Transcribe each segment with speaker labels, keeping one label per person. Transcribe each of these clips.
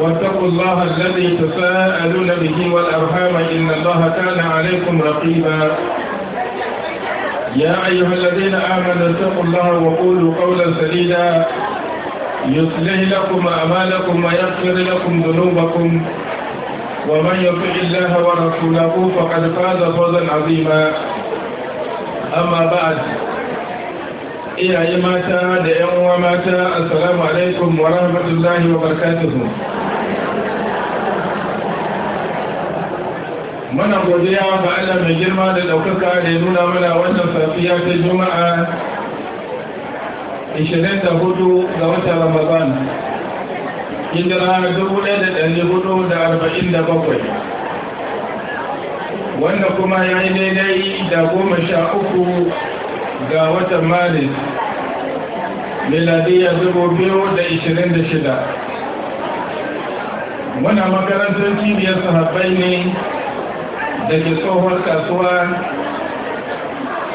Speaker 1: واتقوا الله الذي تساءلون به والأرحام إن الله كان عليكم رقيبا
Speaker 2: يا أيها الذين آمنوا
Speaker 1: اتقوا الله وقولوا قولا سديدا يصلح لكم أعمالكم ويغفر لكم ذنوبكم ومن يطع الله ورسوله فقد فاز فوزا عظيما أما بعد iyaye mata da 'yan uwa mata assalamu alaikum wa muna godiya ga Allah mai girma da ɗaukaka da ya nuna mana wannan safiya ta juma'a 24 ga wata ramadan hijira 1447 wanda kuma ya yi daidai da goma sha uku ga watan maris miladiyya 2026 muna makarantar cibiyar sahabbai ne da ke tsohon kasuwa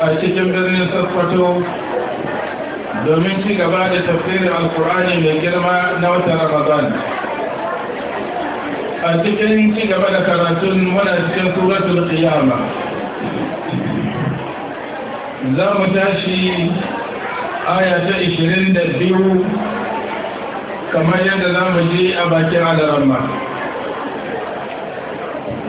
Speaker 1: a cikin birnin sarkwato domin ci gaba da tafsirin alkur'ani mai girma na wata ramadan a cikin ci gaba da karatun a cikin suratul kiyama za mu tashi aya ta biyu kamar yadda za mu je a bakin alarama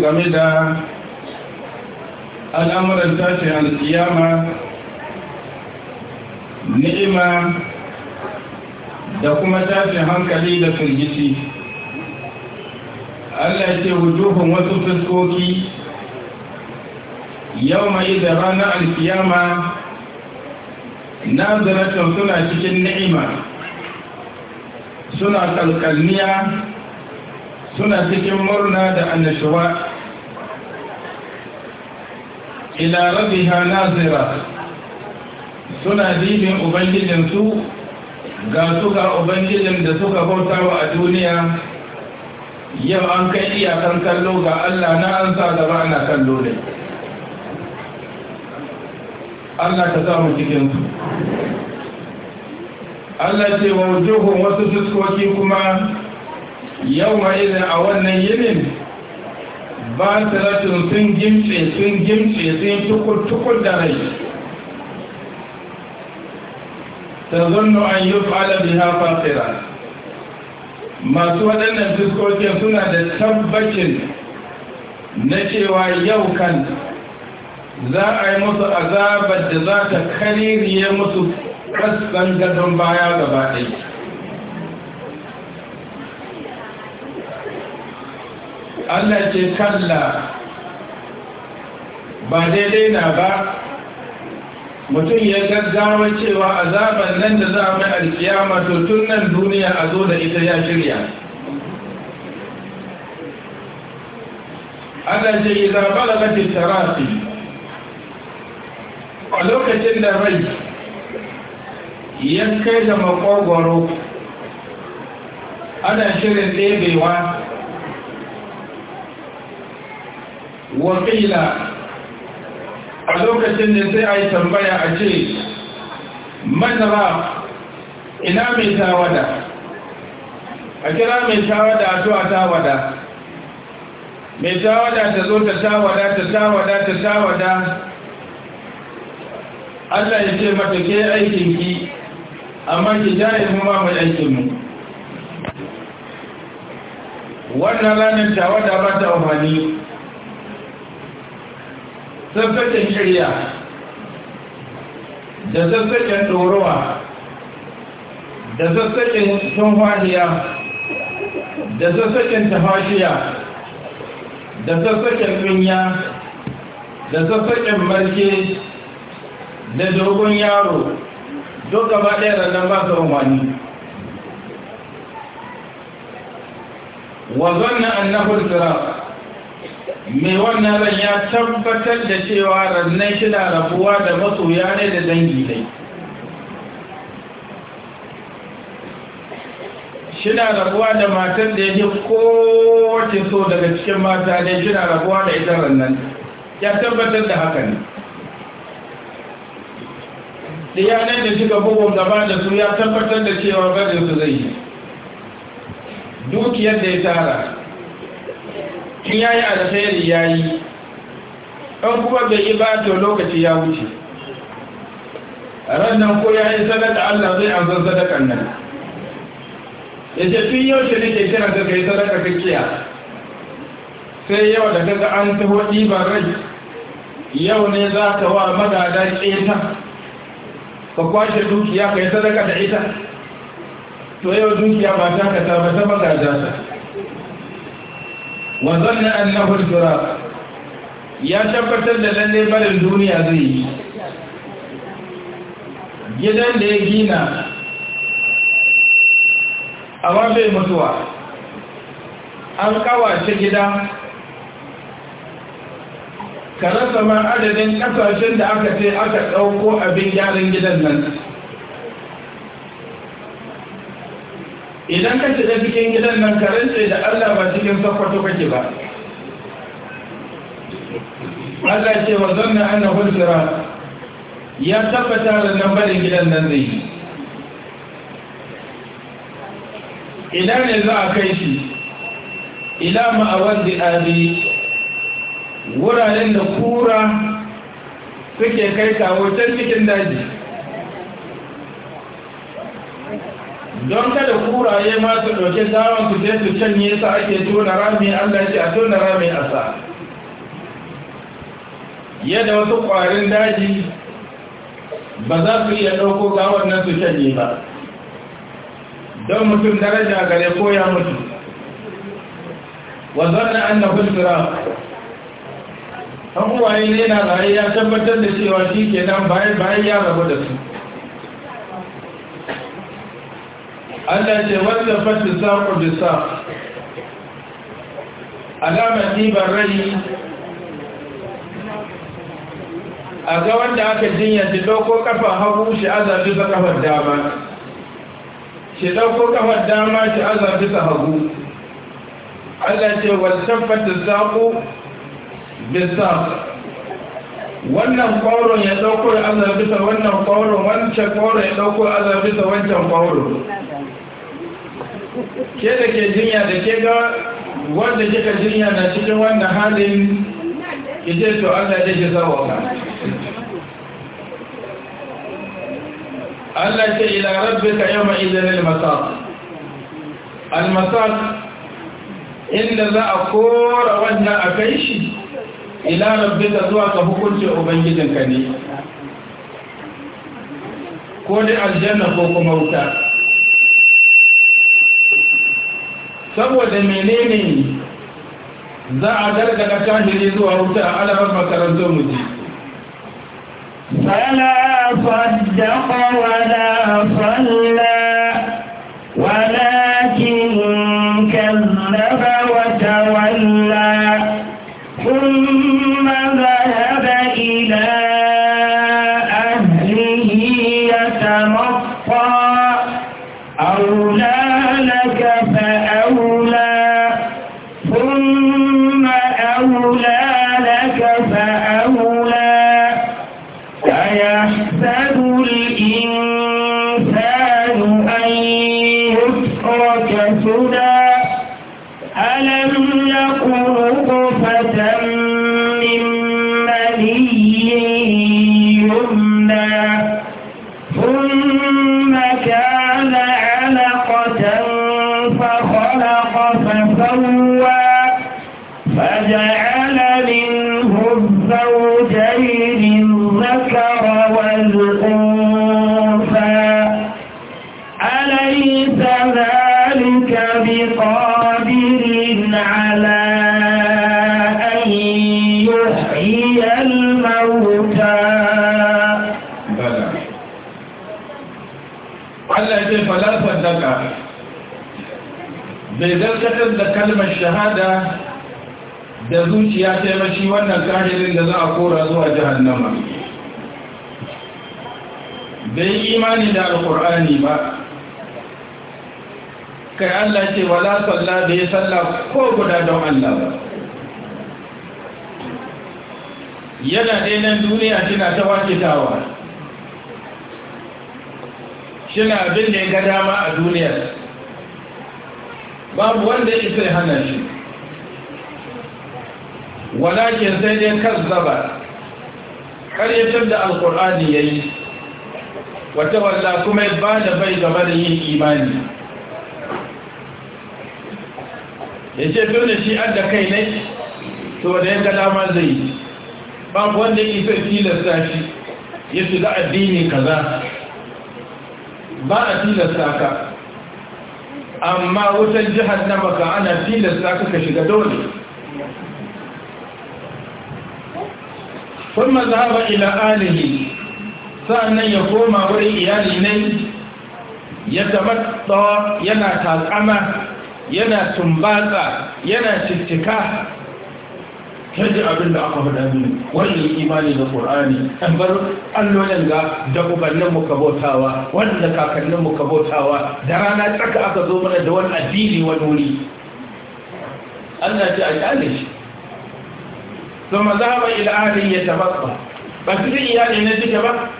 Speaker 1: game da al'amuran tashin alkiyama ni'ima da kuma tashin hankali da firgici Allah ce wujuhun wasu fuskoki yau mai da ranar alkiyama na zaratun suna cikin ni'ima suna kalkalniya suna cikin murna da annashuwa ila rabiha nazira suna dibin ubangijinsu ga suka ubangijin da suka bautawa a duniya yau an kai iyakan kallo ga Allah na an sa gaba ana kallo ne Allah ka samu cikinsu Allah ce wa wujuhun wasu fuskoki kuma yau ma a wannan yinin ba sun gimce sun gimce sun tukur-tukur da rai ta zonno an yi fa'ala biha fasira masu waɗannan fiskokin suna da tabbacin na cewa yau kan za a yi musu azabar da za ta kaririye musu kasan gadon baya gaba ɗaya Allah ce kalla ba daidai na ba mutum ya gaggawa cewa azaban nan da za mai alkiyama to tun nan duniya a zo da ita ya shirya Allah ce yi da mafi tarafi a lokacin da rai ya kai da
Speaker 2: makwagwaro
Speaker 1: ana shirin ɗebewa wakila a lokacin da sai a yi tambaya a ce matara ina mai tawada a kira mai tawada a zuwa tawada mai tawada ta zo ta tawada ta tawada ta tawada allah ya ce mata ke aikinki amma ki jaye mu ba mai aikinmu wannan ranar tawada ba ta amfani sassaƙin shirya da sassaƙin ɗorowa da sassaƙin tunfaniya da sassaƙin tafashiya da sassaƙin kunya da sassaƙin marke da dogon yaro duk gaba ɗaya da nan ba su rumani wa na annahu al mai wannan ran ya tabbatar da cewa rannan shi rabuwa da masoya ne da dangi dai shina rabuwa da matar da ya yake kowace so daga cikin mata dai shina rabuwa da ita rannan ya tabbatar da haka ne diyanar da shiga bugun gaba da su ya tabbatar da cewa barin su zai yi dukiyar da ya tara in ya yi alkhairi ya yi ɗan kuma bai yi ba ta lokaci ya wuce rannan ko ya yi sadaka allah zai an san sadakan nan ya ce fi yau shi nake kira ka kai sadaka ka kiya sai yau da kaga an hoɗi ba rai yau ne za ka wa magadar ƙeta ka kwashe dukiya ka yi sadaka da ita to yau dukiya ba ta ka ta ba ta magadar ta wa zanna annahu al ya tabbatar da lalle barin duniya zai yi gidan da ya gina A bai mutuwa an kawace gida ka rasa adadin kasashen da aka ce aka ɗauko abin gyaran gidan nan idan ka shiga cikin gidan nan ka rantse da Allah ba cikin sakwato kake ba Allah ce wa zanna annahu sirat ya tabbata da nan gidan nan zai yi ina ne za a kai shi ila ma'awar abi wuraren da kura suke kai kawo can cikin daji don kada kuraye masu su ɗauke suje su sai su canye sa ake tona rami allah ce a tona rami a sa yadda wasu kwarin daji ba za su iya ɗauko gawar nan su canye ba don mutum daraja gare ko ya mutu wa zanna annahu an ne na raye ya tabbatar da cewa shi kenan bayan bayan ya rabu da su Allah ce wanda fata saƙo da sa alamar ɗiban rai a ga wanda aka jinya ce ɗauko ƙafar hagu shi azabi ta ƙafar dama shi ɗauko ƙafar dama shi azabi ta hagu Allah ce wata fata saƙo da sa wannan ƙwaron ya ɗauko azabi ta wannan ƙwaron wancan ƙwaron ya ɗauko azabi ta wancan ƙwaron
Speaker 2: ke da ke jinya
Speaker 1: da ke ga wanda kika jinya na cikin wannan halin ki je to Allah ya ji zawo ka
Speaker 2: Allah ce ila rabbika yawma
Speaker 1: idhil al-masaq al-masaq inda za a kora wannan a kai shi ila rabbika zuwa ka hukunci ubangijinka ne ko dai aljanna ko kuma wuta saboda menene za a dargada kahiri zuwa wuta a alamar makarantar mutu
Speaker 3: فلا صدق ولا صلى
Speaker 1: kalmar shahada da zuciya taimashi wannan kahirin da za a kora zuwa jahannama bai imani da alkur'ani ba kai Allah ce wala salla da ya salla ko guda don Allah ba yana ɗainan duniya tana ta wakitawa na abin da ya ga dama a duniyar babu wanda isa sai hana shi walakin sai dai kazzaba karyatar da alkur'ani ya yi wata walla kuma ba da bai gaba da yin imani ya ce tun shi an kai ne to da yanka dama zai yi babu wanda sai tilasta shi ya shiga addini kaza ba a tilasta ka amma wutan jihar na maka ana tilasta ka shiga dole kuma zaba alahi alihi sa'annan ya koma wurin iyali ne ya zama tsawa yana talƙama yana tumbatsa yana cikika kaji abin da aka faɗa mini yi imani da ƙorani, an bar allolin ga da mu ka bautawa wanda kakannin mu ka bautawa da rana tsaka aka zo mana da wani addini wani wuri Allah ji a kyale shi To ma za ba ahli ya tabaqqa ba ba su iyali na duka ba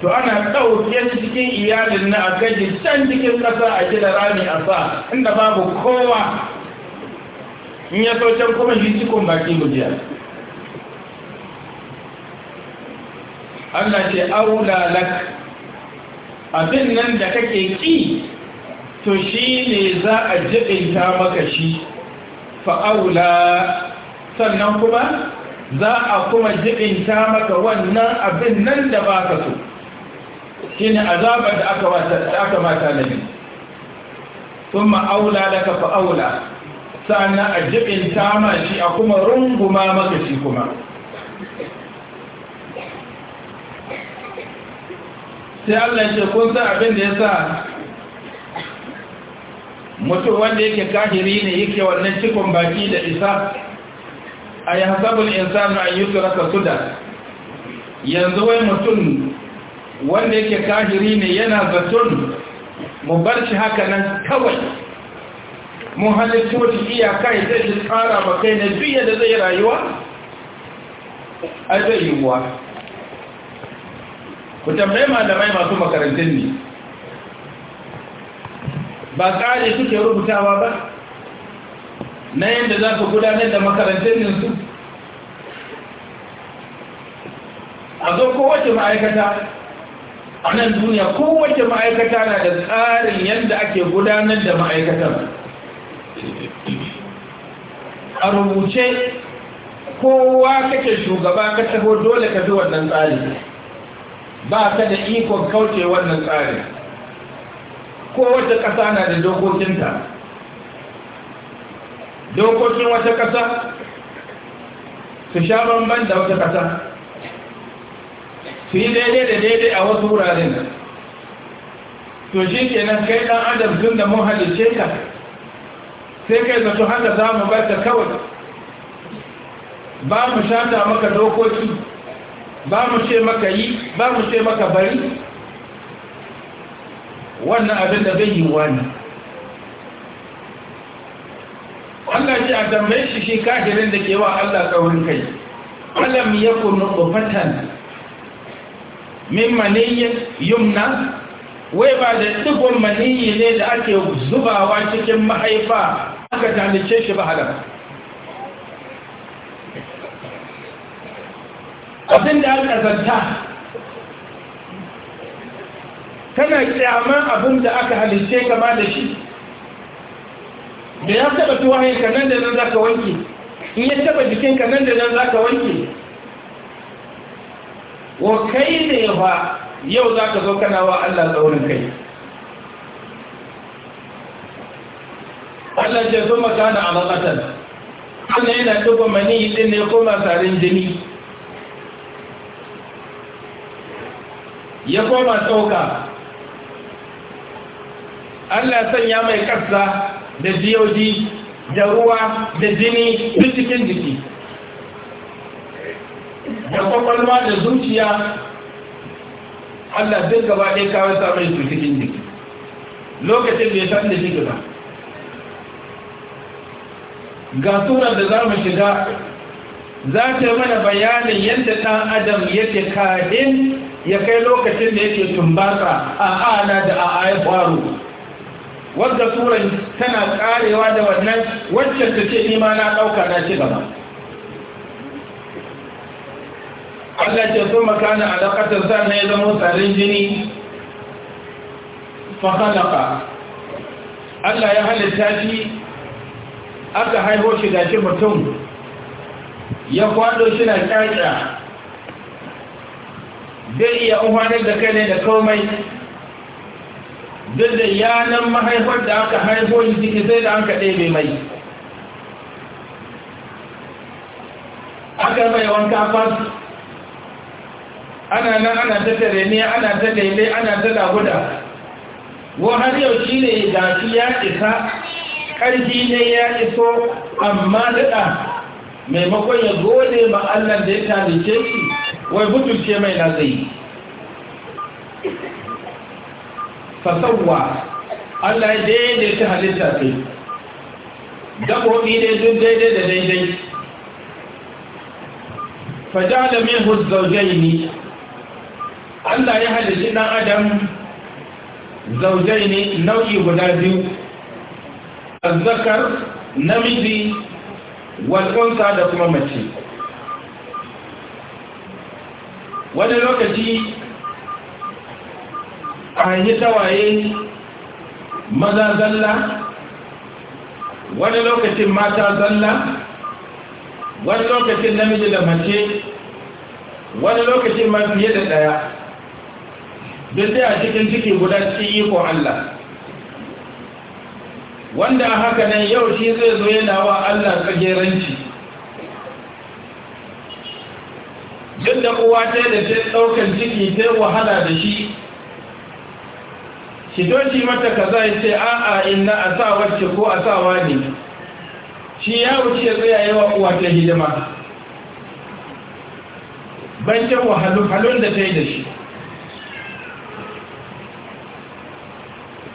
Speaker 1: to ana ɗauke cikin iyalin na a gaji can cikin ƙasa a gina rami a sa inda babu kowa in ya so can kuma yi baki gujiya Allah ce aula abin nan da kake ki to shi ne za a jibinta maka shi fa'aula sannan kuma za a kuma jibinta maka wannan abin nan da ba ka so shi ne azabar da aka mata nabi sun ma'aula fa'aula sannan a jibin tama shi a kuma runguma maka shi kuma sai Allah ce kun san abin da ya sa mutum wanda yake kahiri ne yake wannan cikon baki da isa a yi hasabin insanu a yi turaka suda yanzu wai mutum wanda yake kahiri ne yana zaton mu bar shi haka nan kawai mun halarci wata iyaka ya zai tsara ba kai na duniya da zai rayuwa a zai yiwuwa ku tambaye malamai masu makarantun ne ba ƙari suke rubutawa ba na yadda za su gudanar da makarantun su. a zo kowace ma'aikata a nan duniya kowace ma'aikata na da tsarin yadda ake gudanar da ma'aikatar a rubuce kowa kake shugaba ka taho dole ka zuwa wannan tsari ba ka da ikon kauce wannan tsari kowace ƙasa na da dokokinta dokokin wata ƙasa su sha banban da wata ƙasa su yi daidai da daidai a wasu wuraren to shi kenan kai ɗan adam tun da mun halice ka sai kai zato haka za mu barka kawai ba mu shata maka dokoki ba mu ce maka yi ba mu ce maka bari wannan abin da zai yi wani Allah ce a tambaye shi shi kafirin da ke wa Allah tsawon kai alam yakun nutfatan min maniyyin yumna wai ba da digon maniyyar ne da ake zubawa cikin mahaifa aka jamice shi ba halaka abin da aka zanta kana kyaman abin da aka halice kama da shi da ya taba tuwayen ka nan da nan za ka wanke in ya taba ka nan da nan za ka wanke wa kai ne ba yau za ka zo kana wa Allah tsaurin kai Allah ce sun na a makatan sannan yana duba mani din ne koma tsarin jini ya koma tsoka Allah sanya mai kasa da jiyoji da ruwa da jini duk cikin jiki da kwakwalwa da zuciya Allah duk gaba ɗaya kawai sa mai su cikin jiki lokacin bai san da jiki ba ga surar da za mu shiga za ta mana bayanin yadda ɗan adam yake kadin ya kai lokacin da yake tumbata a ana da a ayat faru wadda suran tana karewa da wannan wacce ta ce nima na ɗauka na ci gaba Allah ce sun makana alaƙatar sa na ya zama tsarin jini fahalaka Allah ya halitta shi aka haifo shi shi mutum ya kwado shi na kyakya zai iya umarnin da kai ne da komai duk da yanar mahaifar da aka haifo yi ciki sai da an kaɗe mai mai aka mai wanka fas ana nan ana ta tare ne ana ta daidai ana ta daguda Wa har yau shi ne shi ya isa ƙarfi ne ya iso amma daɗa maimakon ya gode ma Allah da ya talice shi wai butulce mai na zai fasauwa Allah ya daidai ta halitta sai gaɓoɓi ne duk daidai da daidai fajada min ne. Allah ya halitta ɗan adam ne nau'i guda biyu azzakar namiji walƙunsa da kuma mace wani lokaci a yi tawaye maza zalla wani lokacin mata zalla wani lokacin namiji da mace wani lokacin mafiye fiye da ɗaya duk sai a cikin ciki guda cikin ko Allah wanda haka nan yau shi zai zo yana wa Allah tsageranci duk da uwa ta da ta ɗaukar ciki ta wahala da shi shi doshi mata kaza yace ce a'a inna a sa wacce ko a sa wani. shi ya wuce tsayaye wa uwa ta hidima bancin wahalun da ta yi da shi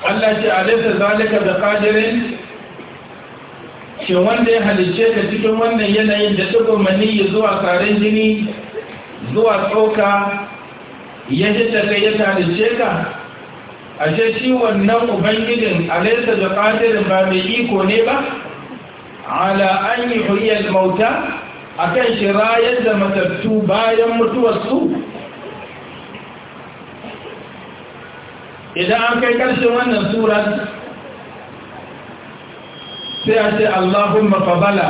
Speaker 1: Allah ce alaisa zalika da qadirin shi wanda ya halice ka cikin wannan yanayin da tukur maniyyi zuwa tsarin jini zuwa tsoka ya hita kai ya halice ka ce shi wannan ubangijin alaisa da qadirin ba mai iko ne ba ala an yi mauta akan shi rayar da matattu bayan mutuwarsu idan an kai ƙarshen wannan surar sai a ce allahumma fabala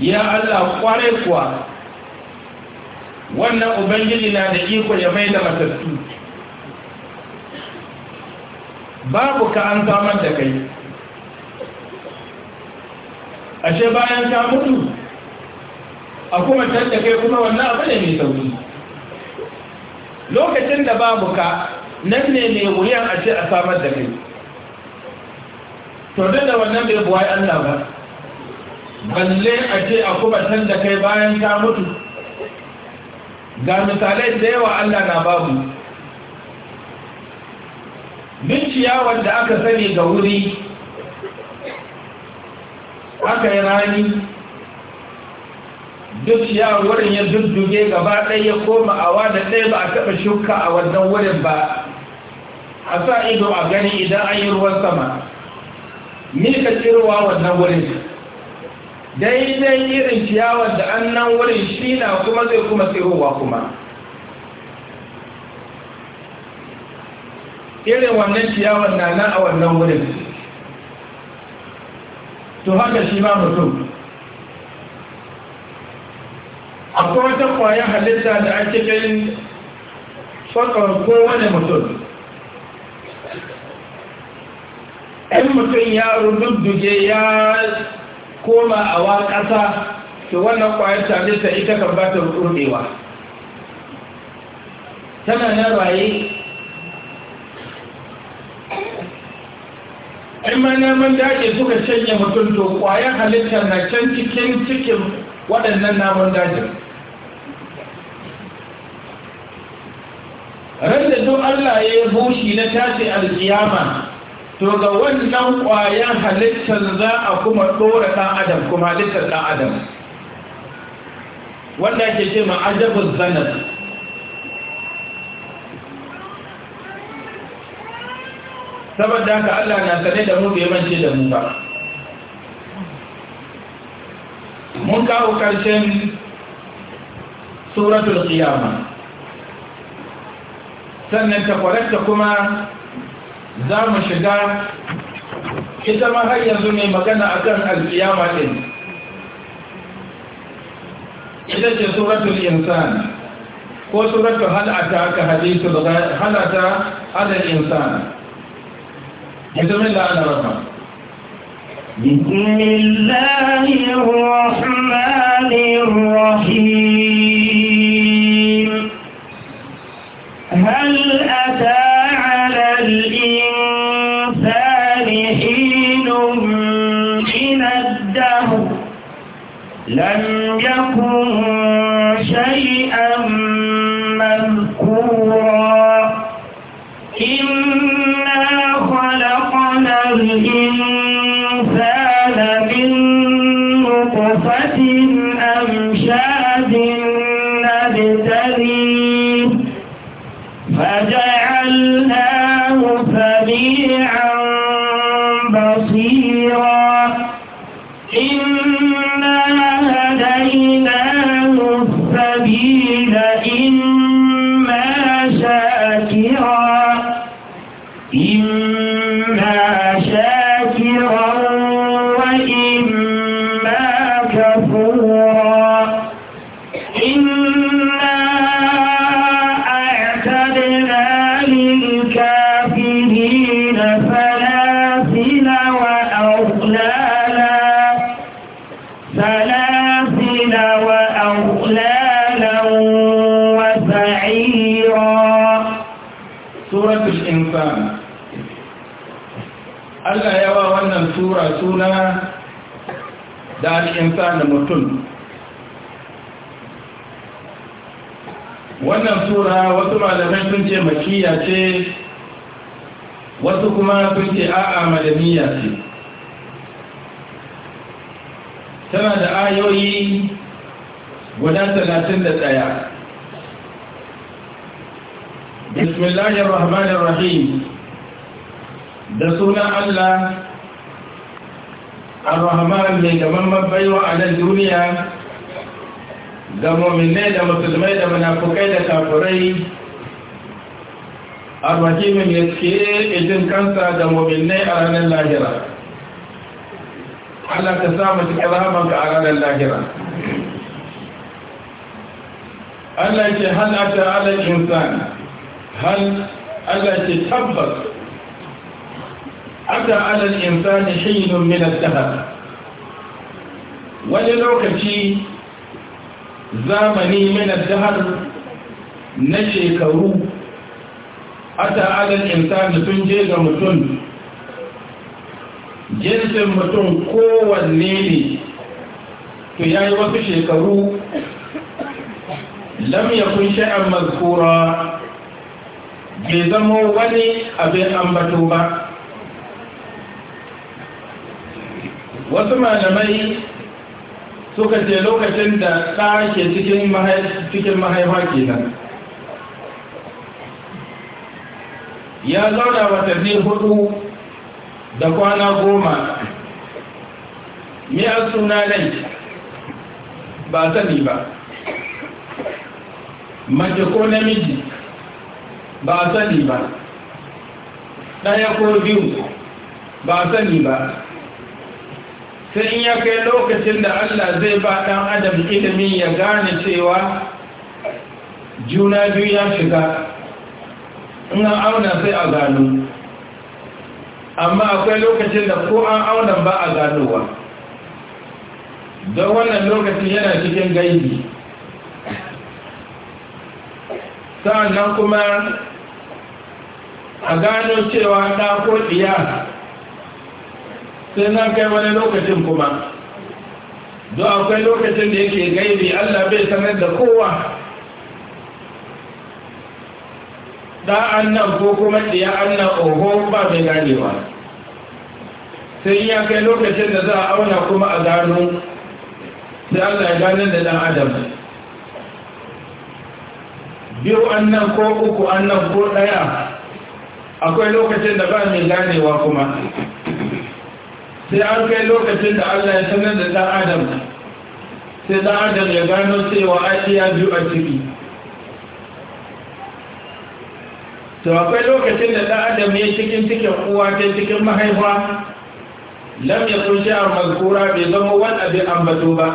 Speaker 1: ya allah kware kuwa wannan ubangiji na da iko ya mai da matattu babu ka an samar da kai ashe bayan ta mutu a kuma da kai kuma wannan abu ne mai sauki lokacin da babu ka nan ne ne wuyan a ce a samar da kai to da wannan bai buwai Allah ba balle a ce a kubatan da kai bayan ta mutu ga misalai da yawa Allah na babu bin ciyawar da aka sani ga wuri aka yi rani duk ciyawar wurin ya dudduge gaba ɗaya ya koma awa da ɗaya ba a taɓa shuka a wannan wurin ba a sa ido a gani idan an yi ruwan sama ni ka tsirwa wannan wurin daidai irin ciyawar da an wurin shi na kuma zai kuma tsirowa kuma irin wannan ciyawar na nan a wannan wurin to haka shi ma mutum akwai wata kwayar halitta da ake kai fakon kowane mutum in mutum ya rududduge ya koma a wa ƙasa to wannan ƙwayar ta ita kan ba ta rudewa tana na raye in ma namun daji suka canye mutum to ƙwayar halitta na can cikin cikin waɗannan namun dajin ran da duk allah ya yi bushi na tashi alkiyama to ga wannan kwayan halittar za a kuma ɗora ɗan adam kuma halittar ɗan adam wanda ke ce ma'ajabin zanen saboda haka Allah na sane da mu bai mance da mu ba mun kawo ƙarshen suratul qiyama sannan ta kuma zama shiga ita ma har yanzu ne magana akan alkiyama din ita ce suratul insan ko suratul halata ka hadisu halata alal insan بسم الله الرحمن
Speaker 3: بسم الله الرحمن الرحيم هل أتاك لم يكن
Speaker 1: kula da al'insa da mutum wannan sura wasu malamai sun ce makiya ce wasu kuma sun ce a'a malamiya ce tana da ayoyi guda talatin da ɗaya bismillahir rahmanir rahim da sunan allah ar-rahman mai gamamman baiwa a nan duniya ga mominai da musulmai da munafukai da kafurai ar-rahimin ya ke ijin kansa da mominai a ranar lahira Allah ka samu cikin rahamanka a ranar lahira Allah ke hal a ta'alar insani hal Allah ke tabbas mata alal insani hinun min al-dahab wani lokaci zamani min al-dahab na shekaru ata alal insani sun je ga mutum jinsin mutum kowanne ne to ya wasu shekaru lam yakun sha'an mazkura bai zama wani abin ambato ba wasu malamai suka ce lokacin da ɗa ke cikin mahaifa kenan ya zauna watanni hudu da kwana goma me suna nai ba sani ba mace ko namiji ba sani ba ɗaya ko biyu ba sani ba sai in ya kai lokacin da Allah zai ba ɗan adam ilimin ya gane cewa juna biyu ya shiga in auna sai a gano amma akwai lokacin da ko an auna ba a ganowa don wannan lokacin yana cikin gaibi nan kuma a gano cewa ko ɗiya sai na kai wani lokacin kuma don akwai lokacin da yake gaibi allah bai sanar da kowa da'an nan ko kuma ɗiya an nan oho ba mai ganewa sai ya kai lokacin da za a auna kuma a gano sai allah ya gane da dan adam biyu an nan ko uku an nan ko ɗaya akwai lokacin da ba mai ganewa kuma sai an kai lokacin da Allah ya sanar da ɗan adam sai ɗan adam ya gano cewa ya biyu a ciki to akwai lokacin da ɗan adam ya cikin cikin uwa ta cikin mahaifa lam ya kunshi a mazkura bai zama wani abin ambato ba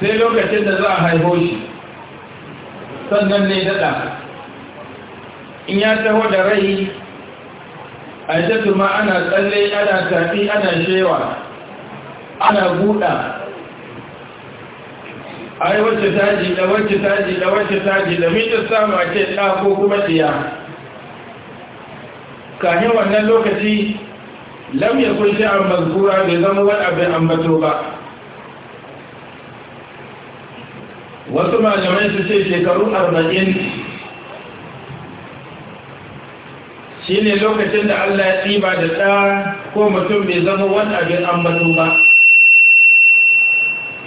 Speaker 1: sai lokacin da za a haifo shi sannan ne daɗa in ya taho da rai a kuma ana tsalle ana tafi ana shewa ana buɗa ai wacce taji da wacce taji da wacce taji da mitar samu a ce ɗa ko kuma ɗiya kahin wannan lokaci lam ya kunshi an mazgura bai zama wani abin ambato ba wasu malamai su ce shekaru arba'in shi ne lokacin da Allah ya tsiba da ɗa ko mutum bai zama wani abin ambato ba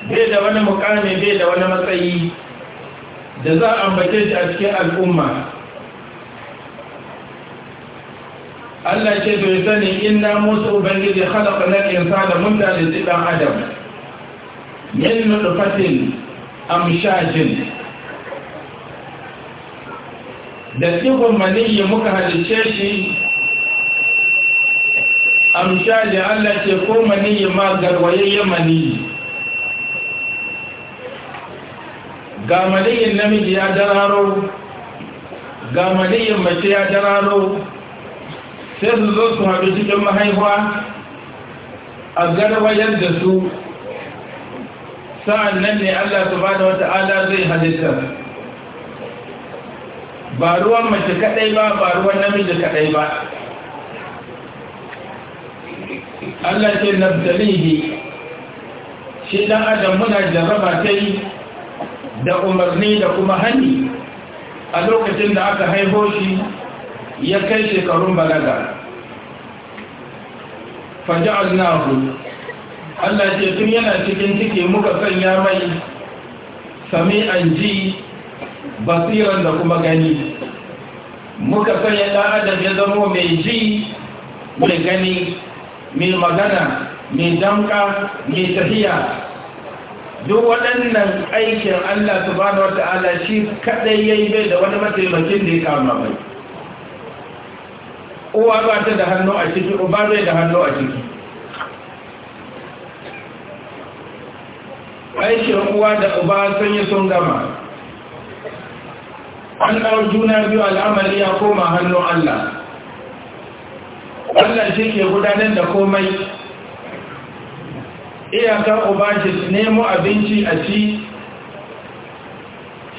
Speaker 1: bai da wani mukami bai da wani matsayi da za a ambace shi a cikin al'umma Allah ce to sani in na musu ubangiji halaka na kinsa da mutane ɗan adam min nufatin amshajin da sifin muka halice shi amshali Allah ce ko maniyya ma ya maniyyi ga maniyyar namiji ya dararo ga maniyyar mace ya dararo sai su zo su haɗu cikin mahaifa a garwayar da su sa'an nan ne Allah wata wata'ala zai halittar. ba ruwan mace kaɗai ba ba ruwan namiji kaɗai ba
Speaker 2: Allah ce dalili
Speaker 1: shi dan adam muna jarraba sai da umarni da kuma hani a lokacin da aka haiho shi ya kai shekarun balaga faja'alnahu Allah ce tun yana cikin ciki muka sanya mai an ji basiran da kuma gani muka sanya ɗan adam ya zama mai ji mai gani mai magana mai damka mai tafiya duk waɗannan aikin Allah subhanahu wata'ala shi kaɗai ya yi bai da wani mataimakin da ya kama mai uwa ba ta da hannu a ciki uba bai da hannu a ciki aikin uwa da uba sun yi sun gama an ɗau juna biyu al'amari ya koma hannun Allah Allah shi ke gudanar da komai iyakar ubangiji nemo abinci a ci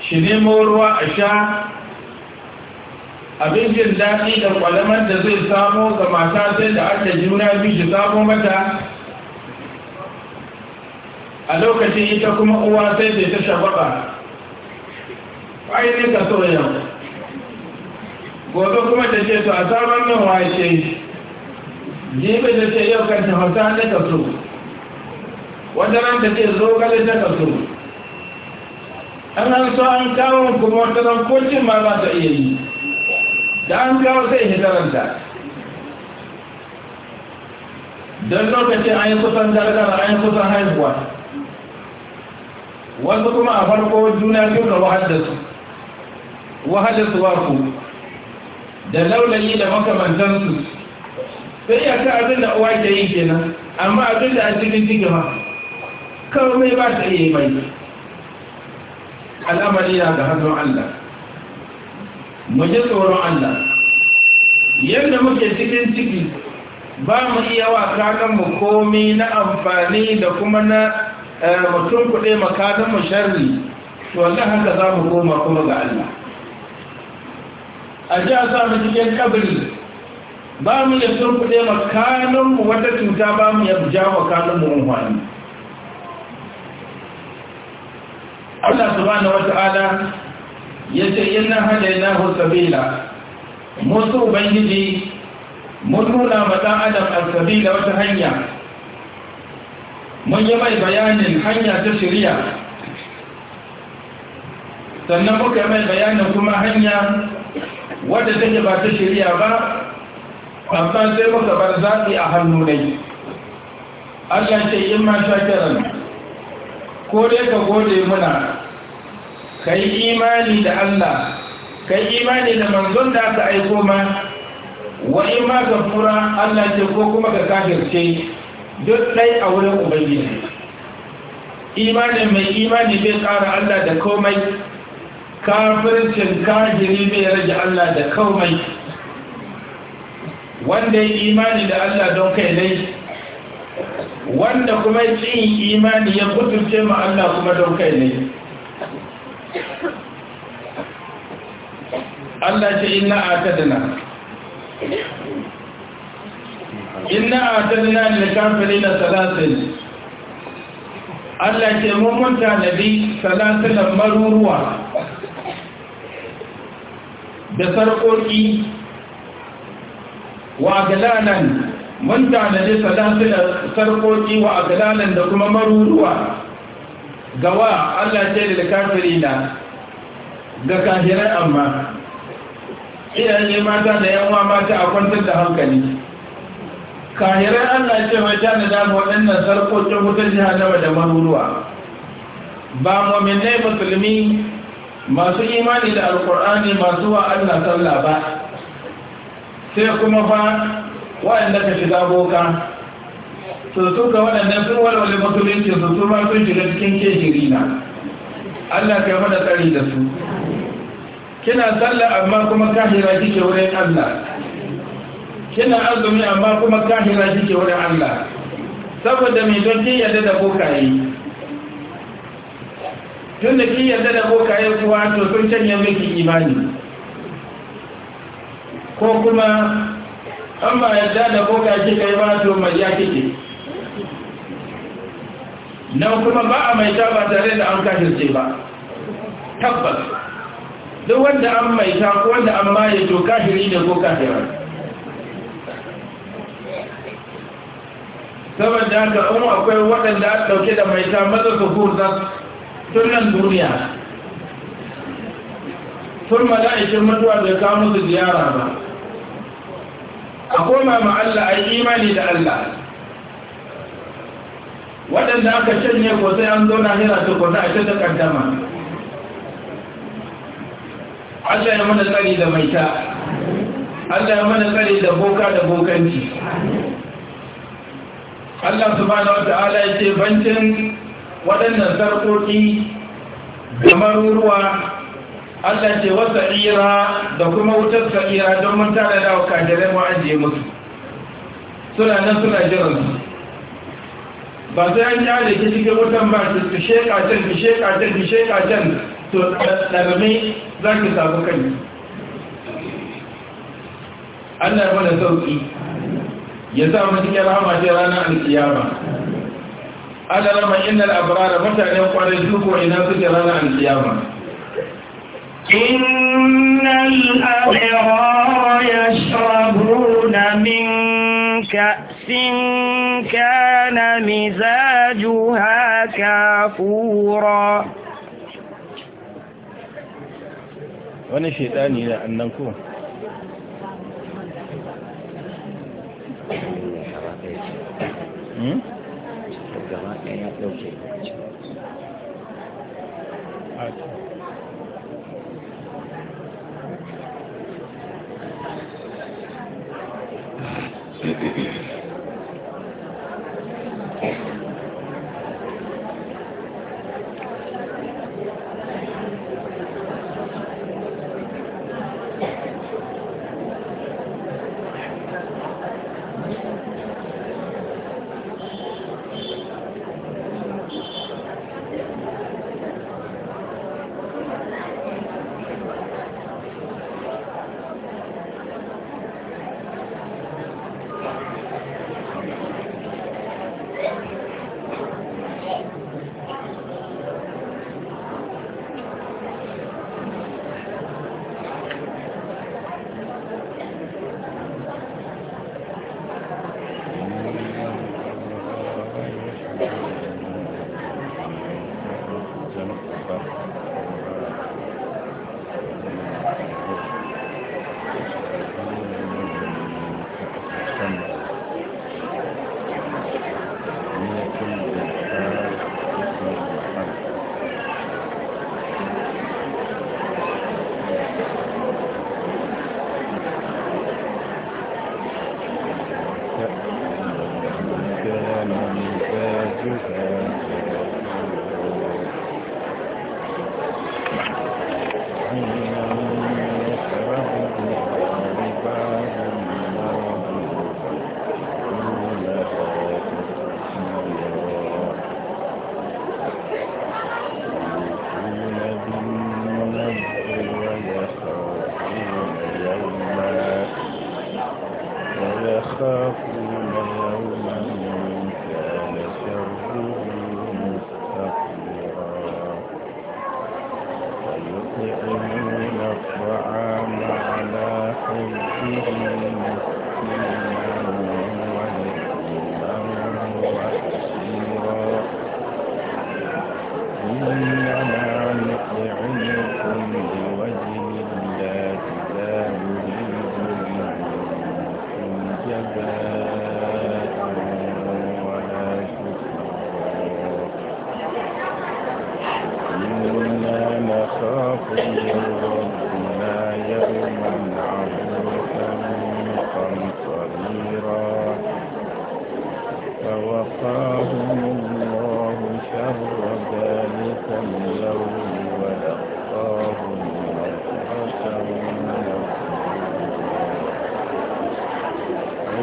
Speaker 1: shi nemo ruwa a sha abincin daɗi da ƙwalamar da zai samo ga mata sai da aka juna biyu shi samo mata a lokacin ita kuma uwa sai da ta shababa ainihin ka so yau gobe kuma ta ce to a sabon min washe jibi ta ce yau kan ta hausa da ka so wanda nan ta ce zo gale da ka so an an so an kawo kuma wata ko cin ma ba ta iya yi da an kawo sai hitaranta don lokacin an yi kusan gargara an yi kusan haihuwa wasu kuma a farko juna biyu da wahar da su wahalar suwaku da laulayi da makamantansu sai ya ka abin da uwa ke yi kenan amma abin da a cikin ciki ma kawai mai ba ta iya mai al'amari na da hannun allah mu ji tsoron allah yadda muke cikin ciki ba mu iya wa kakanmu komi na amfani da kuma na mutum kuɗe makanin mu sharri to wannan haka za mu koma kuma ga allah a ji a samu cikin kabari ba mu ya sun kuɗe makanonmu wata cuta ba mu ya ja makanonmu rumfani Allah wata ala ya ce yana halaina sabila musu ubangiji mun nuna ma adam al-sabila wata hanya mun yi mai bayanin hanya ta shirya sannan muka mai bayanin kuma hanya wadda zai ba ta shirya ba amma sai muka bar zaɓi a hannu dai Allah ce in ma kiran. ko dai ka gode muna ka yi imani da Allah ka yi imani da manzon da aka aiko ma wa in ma ka fura Allah ce ko kuma ka kafirce duk ɗai a wurin ubangiji imanin mai imani bai tsara Allah da komai kafircin kafiri ya rage Allah da kaumai wanda ya imani da Allah don kai dai wanda kuma yin imani ya kutuce ma Allah kuma don kai ne Allah ce inna atadna inna atadna lil kafirin salasil Allah ce mun mutane bi salasil maruruwa da sarƙoƙi wa galanan mun tanadi da sarƙoƙi wa galanan da kuma maruruwa gawa Allah ce da kafiri na ga kafirai amma iyaye mata da yanwa mata a kwantar da hankali kahirar Allah ce mai tanada waɗannan sarƙoƙin wutar jihannama da maruruwa ba mominai musulmi masu imani da alkur'ani masu wa allah sallah ba sai kuma fa waɗanda ka shiga boka su suka waɗanda sun walwale musulunci su su ma sun shiga cikin kejiri na allah kai mana tsari da su kina sallah amma kuma kahira kike wurin allah kina azumi amma kuma kahira kike wurin allah saboda mai don kiyar yadda da bokaye tun da kin yarda da yau kuwa to sun canya mulkin imani ko kuma an ba yadda da boka kika yi ba to mai ya kike nan kuma ba a mai ta ba tare da an kashirce ba tabbas duk wanda an mai ta ko wanda an maye to kashiri da ko kafira saboda haka umu akwai waɗanda an ɗauke da mai ta maza su hurza tun nan duniya tun mala'ikin mutuwa bai kawo musu ziyara ba a koma ma Allah a imani da Allah waɗanda aka canye ko sai an zo na hira su ko ta a cikin kaddama Allah ya mana tsari da maita Allah ya mana tsari da boka da bokanci Allah subhanahu wa ta'ala ya ce bancin waɗannan sarƙoƙi kamar ruwa Allah ce wata tsira da kuma wutar tsira don mun tara da kajirai mu ajiye musu suna nan suna jiran su ba sai an da ke cikin wutan ba su su sheƙa can su sheƙa can su sheƙa can to ɗarami za ki samu kanki Allah ya mana sauƙi ya sa mu cikin rahama ce ranar alƙiyama ana rama innal abrara mutanen kwarai duk wa ina suke rana alkiyama
Speaker 3: إن abrara يشربون من كأس كان مزاجها كافورا
Speaker 1: wani shaidani da annan ko
Speaker 2: hmm? gaba ɗaya ya ɗauke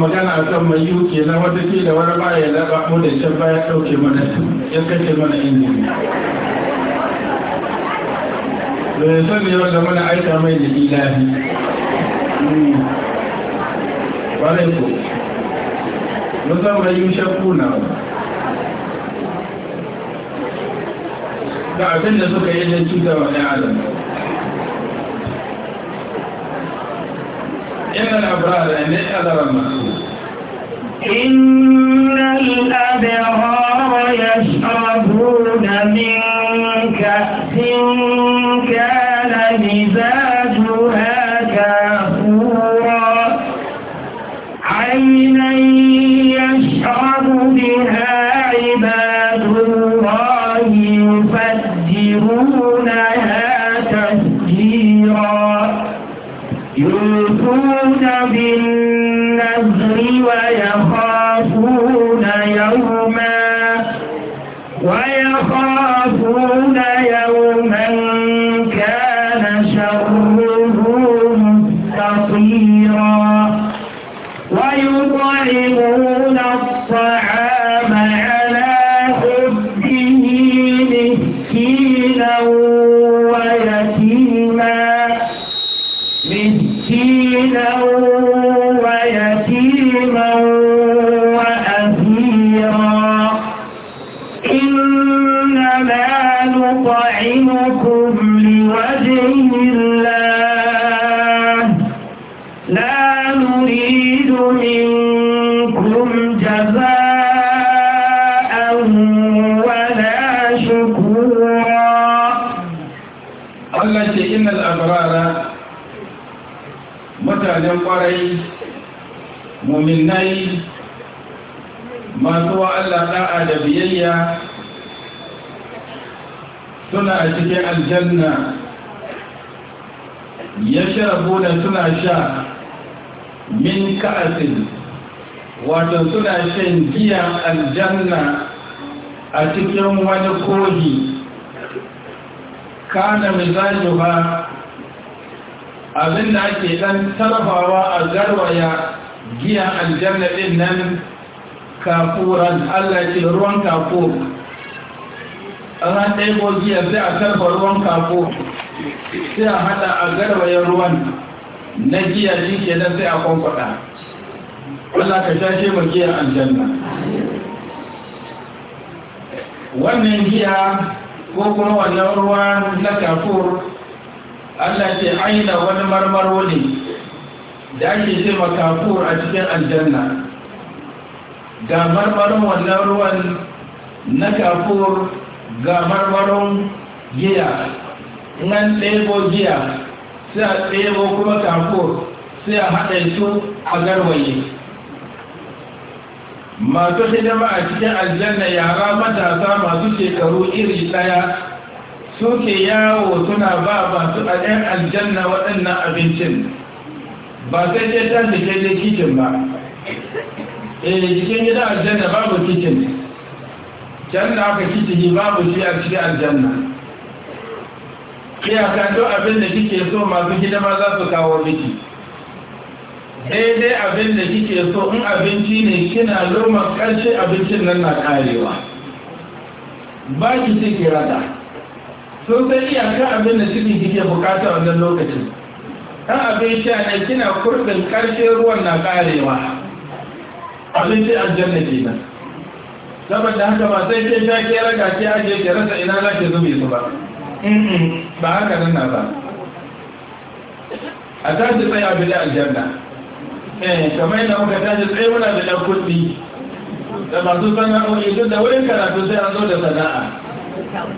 Speaker 1: magana kan mai yuke na wata ke da wani baya laba mu da can baya ɗauke mana ya kashe mana injin da ya sani yau da mana aika mai da ilahi hmm. ƙwarai ko musan mai yushe kuna da abin da suka yi da cuta wa ɗan adam إن الأبرار أن يحذر الناس aljanna ya sharabu da suna sha min ka'asin wato suna shan giyan aljanna a cikin wani kogi kana ba. abin abinda ake ɗan tarbawa a garwaya giya aljanna din nan kafuran allah ce ruwan kafur an an ɗaya gogiyar sai a tarfa ruwan kako sai a haɗa a garwayen ruwan na giya shi ke nan sai a kwankwada wanda ka shashe ma giya aljanna wannan giya ko kuma wannan ruwan na kafur allah ce aina wani marmaro ne da ake ce ma kafur a cikin aljanna ga marmarin wannan ruwan na kafur ga marmarin giya nan ɗebo giya sai a ɗebo kuma kafo sai a haɗa su a garwaye masu hidima a cikin aljanna yara matasa masu shekaru iri ɗaya suke yawo suna ba masu ɗaɗen aljanna waɗannan abincin ba sai ce ta ne kicin ba e eh, jikin gida aljanna babu kicin janna aka aka kitigi babu shi a cikin aljanna ka to abin da kike so masu hidima za su kawo miki daidai abin da kike so in abinci ne kina loma karshe abincin nan na karewa ba ki ce ki rada sosai iyaka abin da cikin kike bukata wannan lokacin ɗan abin sha ne kina kurɗin karshe ruwan na karewa abinci aljanna kenan saboda haka ba sai ce ta ke raga ke aje ke rasa ina za ke zube su ba ba haka nan na ba a tashi tsaye a bila aljanna eh kamar yadda muka tashi tsaye muna da ɗan kuɗi da masu sana'o'i duk da wurin karatu sai an zo da sana'a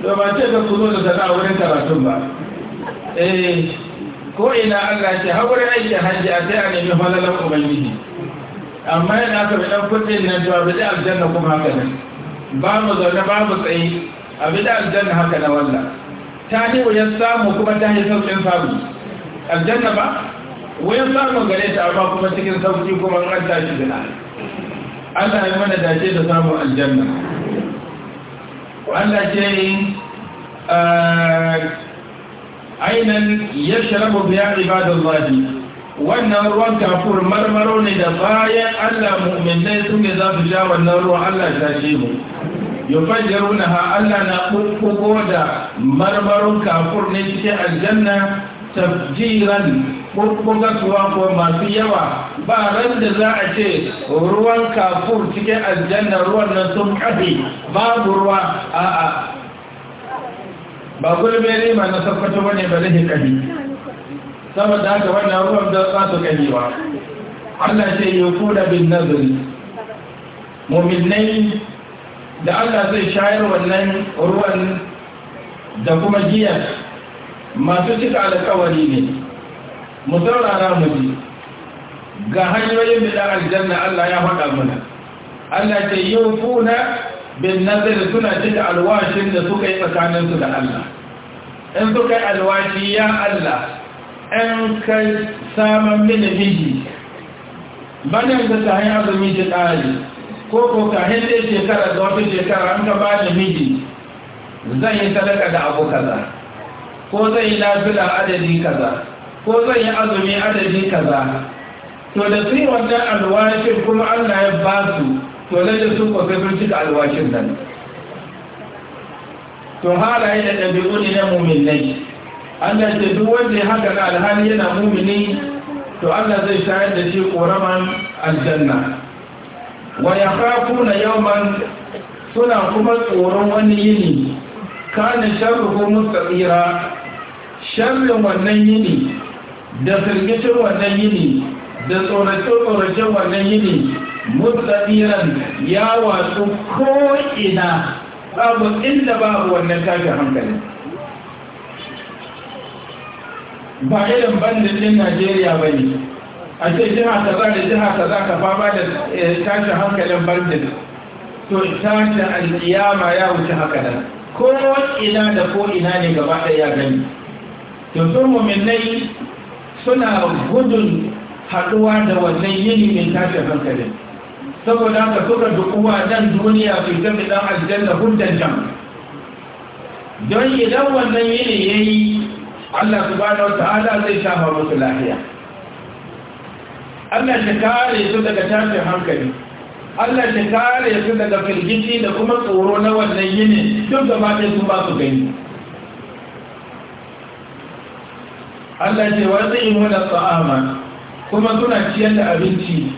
Speaker 1: to ba ce ka su zo da sana'a wurin karatun ba eh ko ina Allah ce haƙurin aiki hajji a sai a nemi falalar ubangiji amma yana aka fi ɗan kudin na jawa bi da aljanna kuma haka nan ba mu zaune ba mu tsaye a bi da aljanna haka na walla ta ne wajen samu kuma ta yi sauƙin samu aljanna ba wajen samu gare ta amma kuma cikin sauƙi kuma an tashi gina Allah ya mana dace da samun aljanna Allah ce yi eh, ainihin ya sharabu biya ibadun zafi wannan ruwan kafur marmaro ne da bayan Allah mu'minai sun ne za su sha wannan ruwan Allah ta shi mu yufajjaru na ha Allah na kukkugo da marmaron kafur ne cike aljanna tafjiran kukkugatuwa ko masu yawa ba ran da za a ce ruwan kafur cike aljanna ruwan nan sun kafe babu ruwa a'a ba gulbe ne ma na sakwato bane ba zai kafi saboda haka wannan ruwan da za su ganewa Allah ce yi kula bin nazari muminai da Allah zai shayar wannan ruwan da kuma giyar masu cika alkawari ne mu saurara mu ji ga hanyoyin bidan aljanna Allah ya faɗa mana Allah ce yi kula bin nazari suna cika alwashin da suka yi tsakaninsu da Allah in suka yi alwashi ya Allah an kai saman mini miji banan da ta hanyar azumi ji ɗari ko ko ka hanyar shekara da wata shekara an ka ba da miji zan yi talaka da abu kaza ko zan yi lafila adadi kaza ko zan yi azumi adadi kaza to da su yi wannan alwashin kuma allah ya ba su to da sun kwafe sun cika alwashin nan to halaye da ɗabi'u ne na mummin nai Allah ce duk wanda ya haka na alhali yana mumini to Allah zai shayar da shi ƙoraman aljanna wa ya kafu na yawman suna kuma tsoron wani yini kana sharruhu mustatira sharrin wannan yini da firgicin wannan yini da tsorace-tsoracen wannan yini tsiran ya wasu ko'ina babu inda babu wannan kafin hankali ba irin banditin najeriya ba ne a ce jiha za da jiha za ka fama da eh, tashin hankalin bandit to tashin alkiyama ya wuce haka nan ko ina da ko ina ne gaba ɗaya ya gani to sun muminai suna gudun haɗuwa da wannan yini mai tashin hankalin saboda haka suka dukuwa nan duniya su jami ɗan aljanna hundar jam don idan wannan yini ya yi Allah subhanahu wataala zai shafa musu lafiya Allah shi kare su daga tashin hankali Allah shi kare su daga firgici da kuma tsoro na wannan yini duk da ɗaya sun ba su gani Allah ce wa zai yi wani tsa'ama kuma suna ciyar da abinci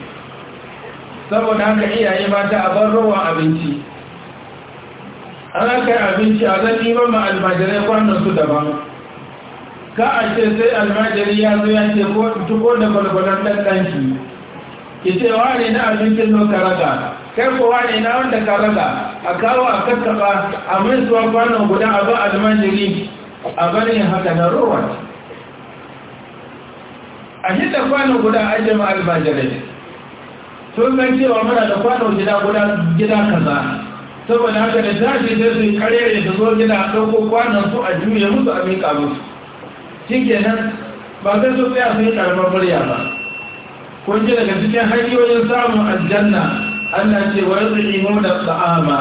Speaker 1: saboda haka iyaye mata a bar abinci an haka abinci a zan yi ma almajirai kwanan su daban ka a ce sai almajiri ya zo ya ce tuko da gwalgwalar ɗan ɗanki ki ce ne na abincin zo karaga kai ko ne na wanda karaga a kawo a kakkaɓa a mai zuwa kwanan guda a ba almajiri a bari haka na rowa a shi da kwanan guda a ma almajiri. sun san cewa mana da kwanan gida guda gida kaza saboda haka da tashi zai su yi karyar su zo gida a ɗauko kwanan su a juya musu a miƙa musu shi kenan ba sai su ya sai karamar murya ba kun ji daga cikin hanyoyin samun aljanna Allah ce wa yanzu imo da tsa'ama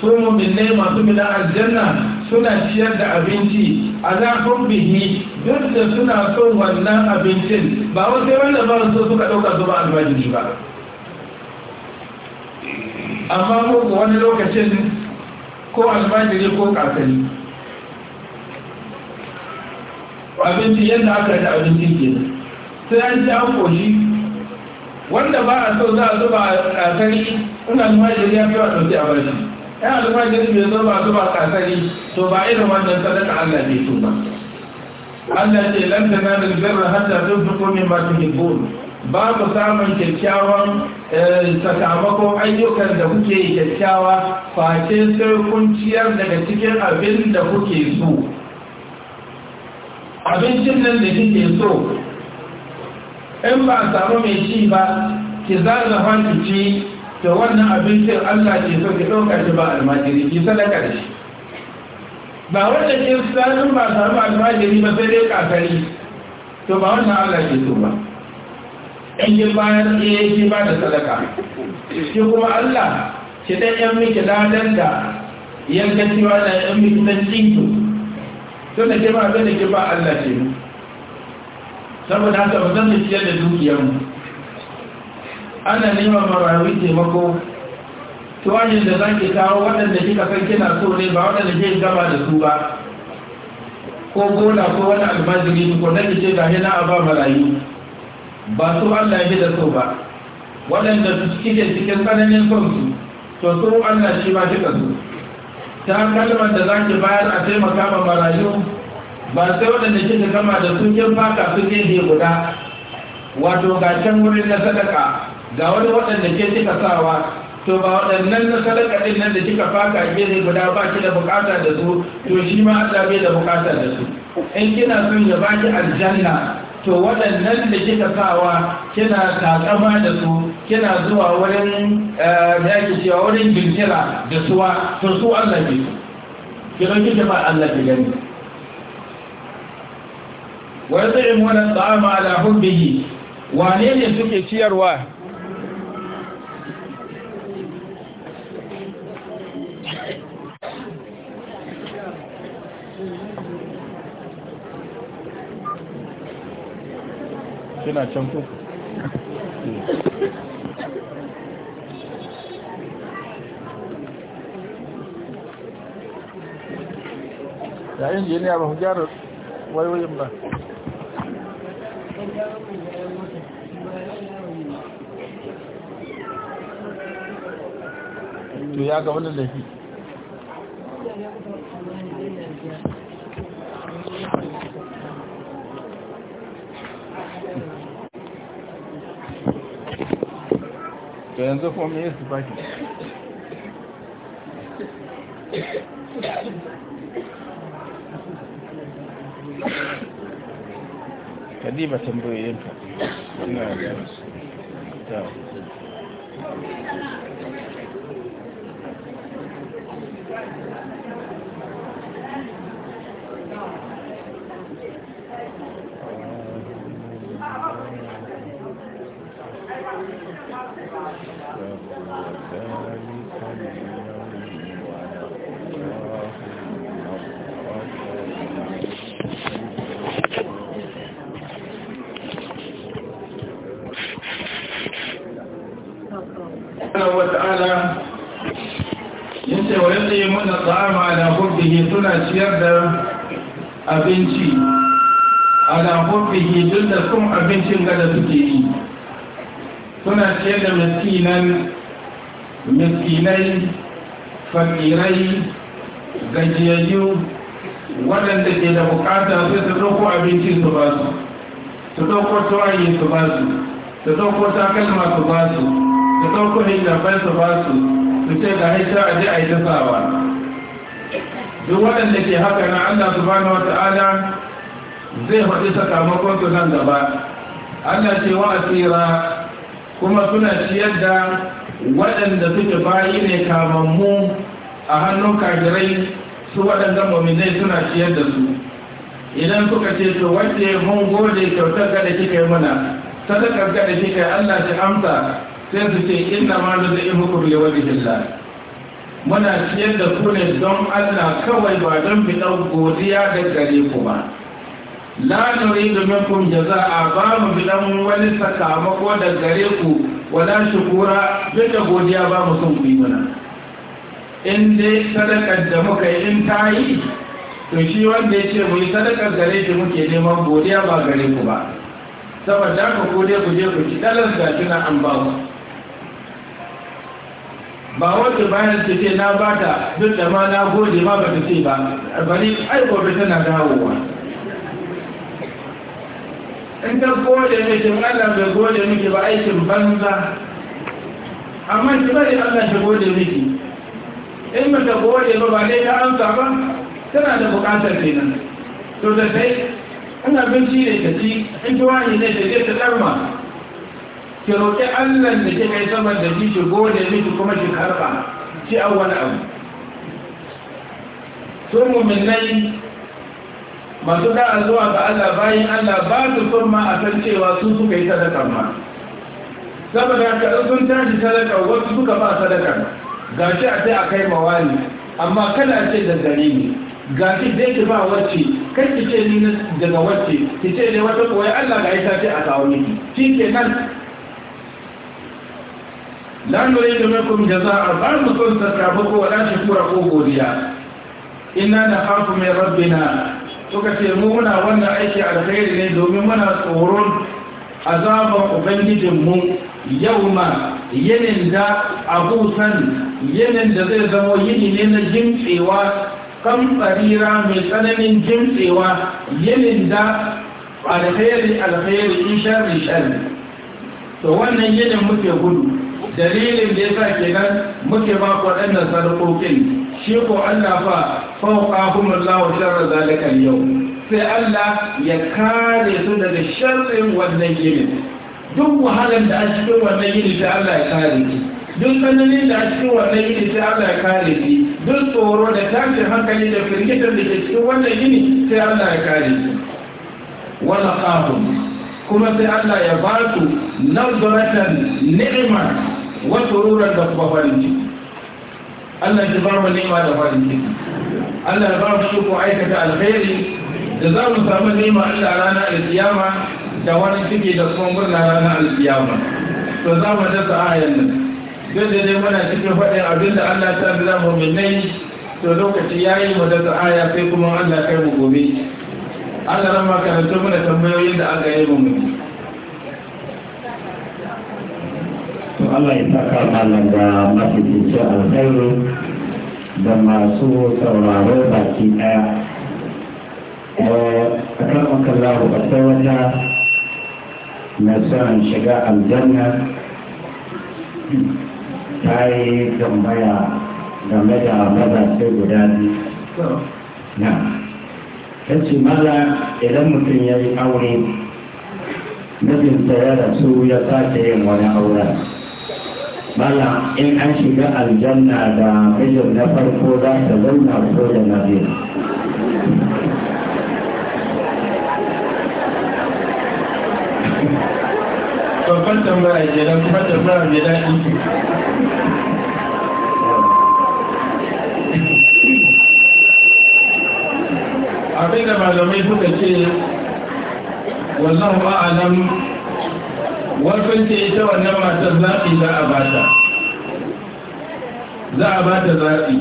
Speaker 1: su muminai masu bila aljanna suna ciyar da abinci a zafin bihi duk da suna son wannan abincin ba wasu wanda ba su suka ɗauka zuba albajiri ba amma muku wani lokacin ko albajiri ko ƙasari abinci yadda aka da abincin ke sai an ci an koshi wanda ba a so za a zuba a kasari in almajiri ya fi a ɗauki a bari ɗan almajiri bai zo ba a zuba a kasari to ba irin wannan sadaka allah ne su ba allah ce lantar na da zirar hatta sun fi komi masu hibbon babu samun kyakkyawan eh, sakamako ayyukan da kuke kyakkyawa face sai kun ciyar daga cikin abin da kuke so abincin nan da kike so in ba a samu mai ci ba ki zarrafa ki ci to wannan abincin Allah ke so ki ɗauka shi ba almajiri ki sadaka da shi ba wanda ke sanin ba samu almajiri ba sai dai kasari to ba wannan Allah ke so ba in yi bayan iya eh, ki ba da sadaka shi kuma Allah ki ɗan yan miki ladan da yanka cewa da yan miki ɗan cinki tun da ke ba abin da ke ba Allah ce mu saboda haka ba zan ciyar da dukiyar mu ana neman marawi taimako tuwajin da za ki kawo waɗanda kika san kina so ne ba waɗanda ke gaba da su ba ko gona ko wani almajiri ko na ce ga hina a ba marayu ba su Allah ya da so ba waɗanda suke cikin tsananin kansu to su Allah shi ma kika so ta kalmar da za ki bayar a taimaka ma marayu ba sai waɗanda kika gama da sun yin faka sun yi guda wato ga can wurin na sadaka ga wani waɗanda ke kika sawa to ba waɗannan na sadaka ɗin nan da kika faka gehe guda ba ki da bukata da su to shi ma Allah bai da bukata da su in kina son ya baki aljanna to waɗannan da kika sawa kina takama da su kina zuwa wurin ya eh, ke cewa wurin jirgira da suwa to su Allah ke ki ɗauki jama'a Allah ke gani wa ya tsaye mona tsama ala hubbihi wane ne suke ciyarwa
Speaker 2: kina can ku ya injiniya
Speaker 1: ba ku gyara wayoyin ba to ya ga wani laifi to yanzu kuma me su baki 肯定不正规。嗯。对。siyar da abinci ala hubbihi duk da sun abincin gada suke yi suna ciyar da miskinai fakirai gajiyayyu waɗanda ke da bukata sai su ɗauko abinci su ba su su ɗauko tuwaye su ba su su ɗauko takalma su ba su su ɗauko hijabai su ba su su ce ga haisha a ji a yi tasawa duk waɗanda ke haka na Allah subhanahu wa ta'ala zai faɗi sakamakon su nan gaba Allah ce wa asira kuma suna ciyar da waɗanda suke bayi ne kamammu a hannun kagirai su waɗanda mominai suna ciyar da su idan suka ce to wacce mun gode kyautar ga da kika yi mana sadakar ga da kika yi Allah ta amsa sai su ce inna ma da zai hukur li wajhillah muna ciyar da ku don Allah kawai ba don fitar godiya da gare ku ba la nuridu minkum jaza'a ba mu bidan wani sakamako da gare ku wala shukura da godiya ba mu son ku yi in dai sadakar da muka yi in ta yi to shi wanda ya ce mu yi sadakar gare shi muke neman godiya ba gare ku ba saboda ku dai ku je ku ci dalar da kina an ba ba wanda bayan ce ce na ba ta duk da ma na gode ma ba ta ce ba bari ai gobe tana dawowa in ta gode miki Allah bai gode miki ba aikin banza amma ki bari Allah ta gode miki in mata ta gode ba ba ne ta amsa ba tana da bukatar kenan to da sai in abinci ne ta ci in wani ne ta je ta darma ki roƙi allan da kika yi sama da shi gode miki kuma ki karba ki an abu su mu'minai masu da'a zuwa ga Allah bayan Allah ba su turma a san cewa sun suka yi sadaka ma saboda ka sun tashi sadaka wasu suka ba sadaka gashi a sai a kai mawani amma kana ce da gari ne gashi da yake ba wacce kai ki ce ni daga wacce ki ce ne wata koyi Allah ga ita ce a kawo miki shi nan? la nuridu minkum jazaa'a ba mu son sakamako wala shukura ko godiya inna nakhafu min rabbina suka ce mu muna wannan aiki alkhairi ne domin muna tsoron azaban mu. yauma yanin da abusan yanin da zai zama yini ne na jimtsewa kan mai tsananin jimtsewa yanin da alkhairi alkhairi in sharri sharri to wannan yanin muke gudu dalilin da yasa kenan muke ba ku waɗannan sadakokin shi ko Allah fa fawqahumullahu sharra zalika al-yawm sai Allah ya kare su daga sharrin wannan gini duk wahalar da a cikin wannan gini sai Allah ya kare ki duk tsananin da a cikin wannan gini sai Allah ya kare ki duk tsoro da tashin hankali da firgitar da ke cikin wannan gini sai Allah ya kare ki wala kuma sai Allah ya ba su nazaratan ni'ima wata rurar da kuma farin ciki Allah ya ba mu nema da farin ciki Allah ya ba mu aikata alkhairi da za mu samu nema Allah rana alkiyama da wani ciki da kuma murna rana alkiyama to za mu dasa ayan nan duk da dai muna cikin faɗin abin da Allah ta bi mu minnai to lokaci yayi mu dasa aya sai kuma Allah kai mu gobe Allah ran ma karanta mana tambayoyin da aka yi mu mu
Speaker 4: to Allah ya saka malam da masu cikin alkhairu da masu sauraro baki ɗaya. Eh, a karɓar kallahu a sai wata nasarar shiga aljanna ta yi tambaya game da mazaje guda biyu na ce mala idan mutum ya yi aure mijinta ya rasu ya sake yin wani auren mana in an shiga aljanna da mijin na farko za ta zauna ko da na biyu
Speaker 1: babban malamai suka ce wallahu a'alam wasu ce ita wannan matar zaɓi za a bata za a bata zaɓi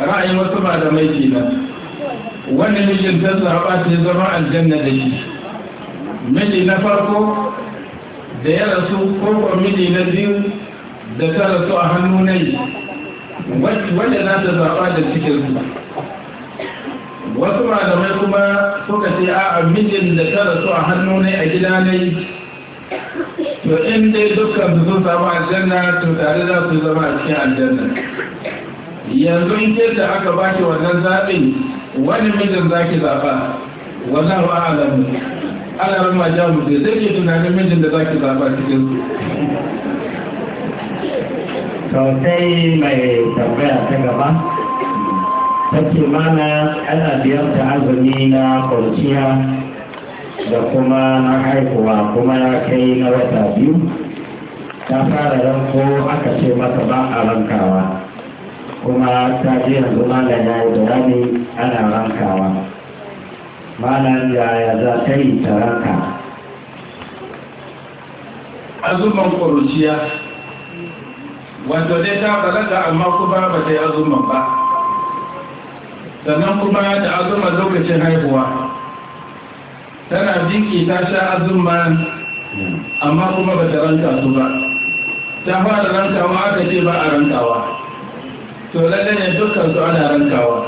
Speaker 1: ra'ayin wasu ba da mai jina nan wanda mijin ta zaɓa ta zama aljanna da shi miji na farko da ya rasu ko miji na biyu da ta rasu a hannu na yi wadda za ta zaɓa da cikin su wasu malamai kuma suka ce a mijin da ta rasu a hannu ne a gida to in dai dukkan su sun samu aljanna to tare za su zama a cikin aljanna yanzu in ce da aka ba ki wannan zaɓin wani mijin za ki zaɓa wallahu a'lamu ana rama ja mu zai ke tunanin mijin da za ki zaɓa cikin su
Speaker 4: sosai mai tambaya ta gaba ta ce mana ana biyar da azumi na kwanciya da kuma na haihuwa kuma ya kai na wata biyu ta fara ranko aka ce mata ba a rankawa kuma ta ji yanzu malam ya yi bayani ana rankawa malam ya za ta yi ta ranka azuman kuruciya
Speaker 1: wato dai ta balaga amma kuma ba ta yi azuman ba sannan kuma da azuman lokacin haihuwa tana jiki ta sha azumma amma kuma ba ta ranka su ba ta fara rankawa aka ce ba a rankawa to lalle ne dukkan su ana rankawa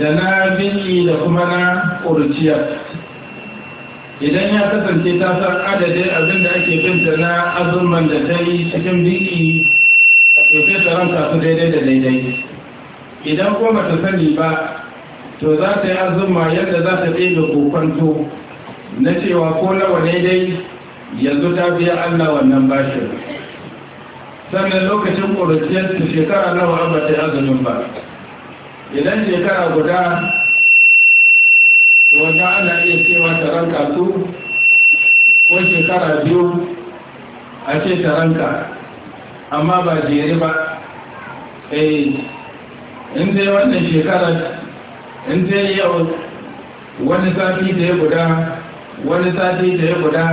Speaker 1: da na jiki da kuma na ƙurciya idan ya kasance ta san adadin abin da ake binta na azumman da ta yi cikin jiki ya fi ta ranka su daidai da daidai idan kuma ta sani ba to za ta yi azuma yadda za ta ɗaya da kofanto na cewa ko nawa ne dai yanzu ta biya allah wannan bashin sannan lokacin ƙuruciyar su shekara nawa an ba ta yi azumin ba idan shekara guda wanda ana iya cewa ta ranka ko shekara biyu a ce ta ranka amma ba jere ba eh in dai wannan shekarar in ta yi yau wani sati da ya guda wani sati da ya guda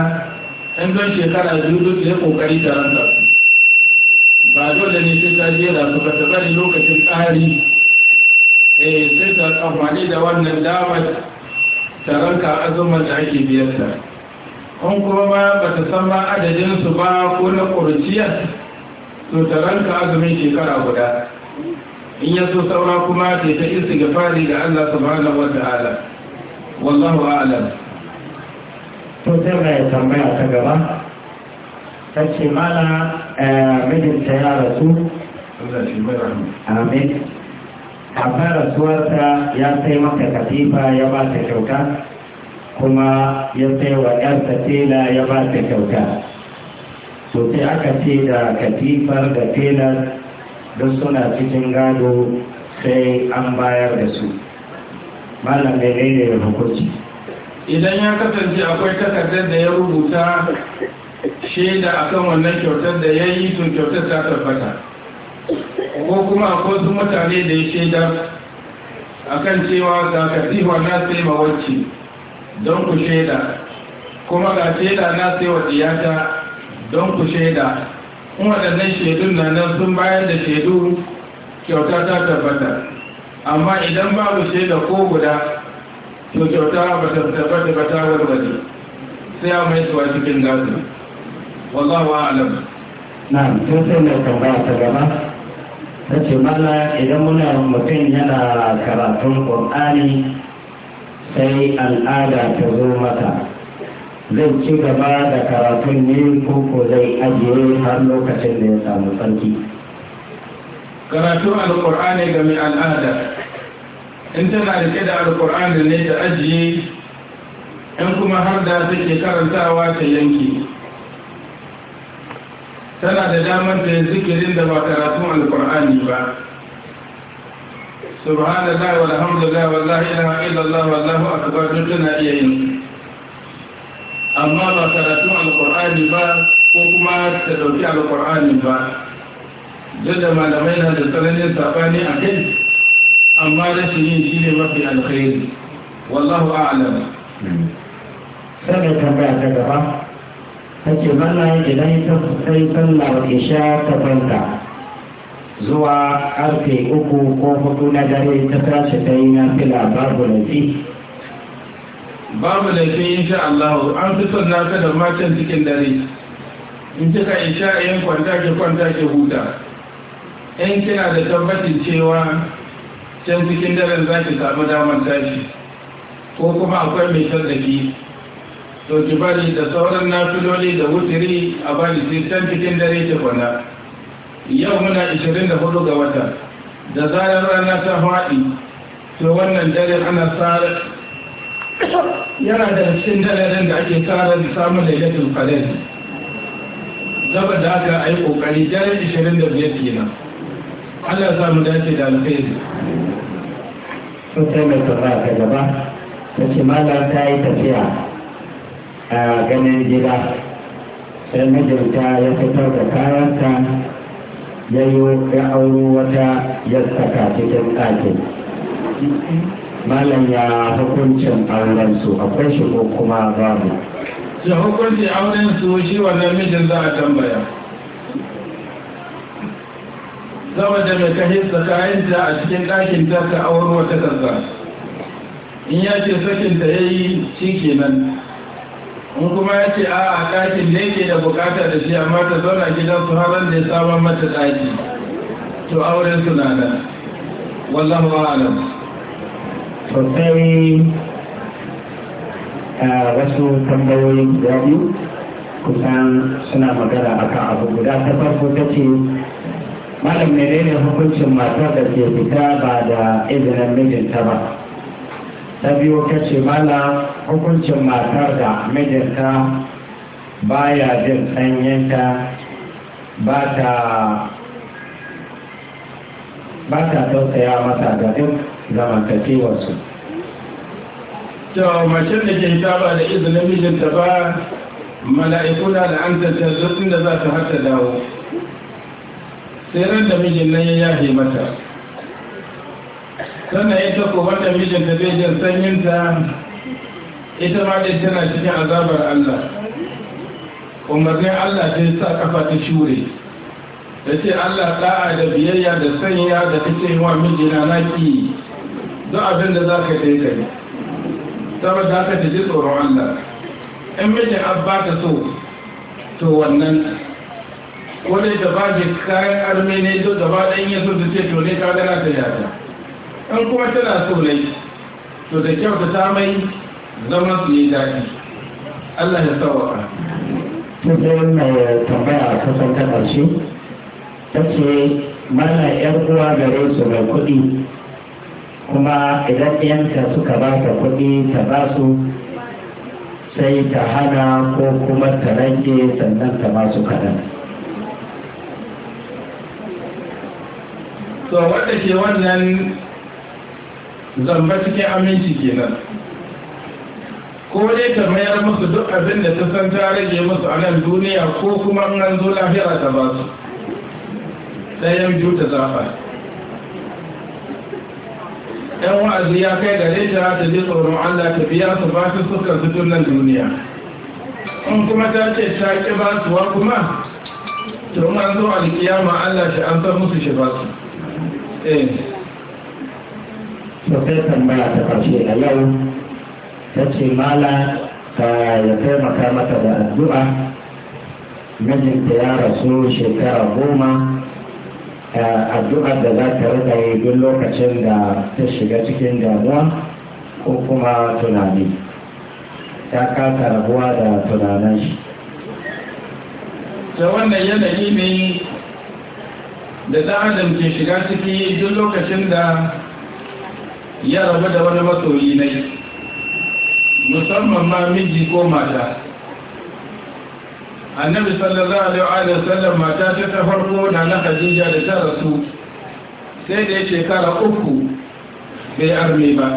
Speaker 1: in don shekara biyu duk ya kokari da ranta ba dole ne sai ta jera su ba ta bari lokacin tsari, eh sai ta amfani da wannan damar ta ranka azumar da ake biyarta in kuma ma ba ta san ba su ba ko na ƙurciyar to ta ranka azumin shekara guda in ya so saura kuma ce ta ga fari da Allah subhanahu wa ta'ala wallahu a'lam
Speaker 4: to sai mai tambaya ta gaba tace mala eh, mijinta ya rasu amin kafin rasuwarsa ya sai maka katifa ya ba ta kyauta kuma ya sai wa ƴarsa tela ya ba ta kyauta sosai aka ce da katifar da telar don suna cikin gado sai an bayar da su malam mai ne da hukunci
Speaker 1: idan ya kasance akwai takardar da ya rubuta shaida akan wannan kyautar da ya yi tun kyautar ta tabbata ko kuma akwai su mutane da ya shaida akan cewa ga kasifa na sai mawacci don ku shaida kuma ga shaida na sai wa don ku shaida in waɗannan shaidun na nan sun bayar da shaidu kyauta ta tabbata amma idan babu shaida ko guda to kyauta ba ta tabbata ba ta
Speaker 4: warware sai a mai suwa cikin gasu wallahu a'lam na sai sai mai tambaya ta gaba ta ce mana idan muna mutum yana karatun qur'ani sai al'ada ta zo mata zai ci gaba da karatun ne koko zai ajiye har lokacin da ya samu sarki
Speaker 1: karatun Al-Qur'ani ga mai al'ada in tana rike da Al-Qur'ani ne ta ajiye in kuma har da take karantawa ta yanki tana da damar da zikirin da ba karatun Al-Qur'ani ba subhanallah walhamdulillah wallahi ilaha illallah wallahu akbar tana iya yin amma ba karatun Alƙur'ani ba ko kuma ta ɗauki Alƙur'ani ba Duk da malamai na da tsananin sabani a kai
Speaker 4: amma rashin yin shi ne mafi alkhairi wallahu a'lam sai tambaya ta gaba take mana idan ta sai sallar isha ta farka zuwa karfe uku ko hudu na dare ta tashi ta yi na fila babu rafi
Speaker 1: babu laifin insha Allah an fi son naka da macen cikin dare in kika isha yin kwanta ke kwanta ke huta in kina da tabbacin cewa can cikin dare za ki samu damar tashi ko kuma akwai mai ki to ki bari da sauran nafiloli da wutiri a bari sai can cikin dare ke kwana yau muna 24 ga wata da zarar rana ta haɗi to wannan dare ana sa yana da cikin dalilin da ake tsara da samun lailatul qadr zaba da aka
Speaker 4: ai kokari daren 25 kenan Allah ya mu dace da alkhairi sun sai mai tsara ta gaba ta ce malam ta yi tafiya a ganin gida sai mijinta ya fitar da kayanta ya yi ya auro wata ya saka cikin ɗakin malam ya hukuncin auren su akwai shi ko kuma babu
Speaker 1: shi hukuncin auren su shi wa mijin za a tambaya saboda mai ka hissa kayanta a cikin ɗakin ta ta awar wata ƙasa in ya ce sakin ta yayi shi kenan in kuma ya ce a ɗakin da yake da bukata da shi amma ta zauna gidan su haran da ya sabon mata ɗaki to auren su na nan wallahu
Speaker 4: a'lam sosai wasu tambayoyin da biyu kusan suna magana a akan abu guda ta farko ta ce malam menene hukuncin matar da ke fita ba da izinin mijinta ba ta biyu ta ce mala hukuncin matar da mijinta baya jin ta ba ta tausaya masa da duk zamantakewarsu
Speaker 1: to mace da ke taba da izinin mijinta ba mala'ikuna da an tattalin da za ta hata dawo sai ran da mijin nan ya yahe mata sannan ita ko wata mijinta zai jin sanyinta ita ma dai tana cikin azabar Allah umarnin Allah sai sa kafa ta shure ta ce Allah ɗa'a da biyayya da sanya da take wa mijina naki don abin da za ka yi ka yi saboda aka ta ji tsoron Allah in mijin abba ta so to wannan wani da ba ji kayan armi ne to da ba ɗan yi sun ta ce to ne ka gana ta yata in kuma tana so ne to da kyau ta mai zama su yi daɗi
Speaker 4: Allah ya sauwaka. Tukin mai tambaya a kasan ta ƙarshe, ta ce mana ‘yan uwa gare su mai kuɗi kuma idan yanta suka ba ta kuɗi ta ba su sai ta hana ko kuma ta rage sannan ta ba su kaɗan
Speaker 1: to wadda ke wannan zamba cikin aminci kenan ko dai ta mayar musu duk abin da ta san ta rage musu a nan duniya ko kuma an zo lafiya ta ba su ɗayan biyu ta zafa ɗan wa'azi ya kai gare ta ta ji tsoron Allah ta biya su ba su suka nan duniya in kuma ta ce ta ƙi ba suwa kuma to an zo alkiyama Allah shi an san musu shi ba su eh
Speaker 4: tambaya ta ƙarshe a yau ta ce mala ya taimaka mata da addu'a mijinta ya rasu shekara goma addu'ar da za ta rika yi duk lokacin da ta shiga cikin damuwa ko kuma tunani ta kasa rabuwa da tunanin shi
Speaker 1: ta wannan yanayi ne da ɗan ke shiga ciki duk lokacin da ya rabu da wani masoyi ne musamman ma miji ko mata annabi sallallahu alaihi wa sallam mata ta ta farko na na Khadija da ta rasu sai da shekara uku bai arme ba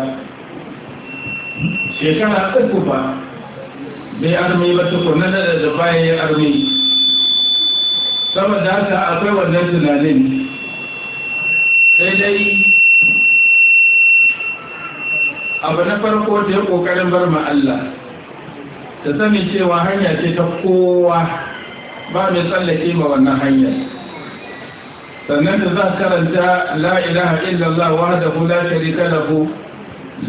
Speaker 1: shekara uku ba bai arme ba tukunan da da bayan ya arme saboda haka akwai wannan tunanin sai dai abu na farko da ya kokarin bar ma Allah da sami cewa hanya ce ta kowa ba mai tsallake ma wannan hanyar sannan da za karanta la ilaha illallah da la sharika lahu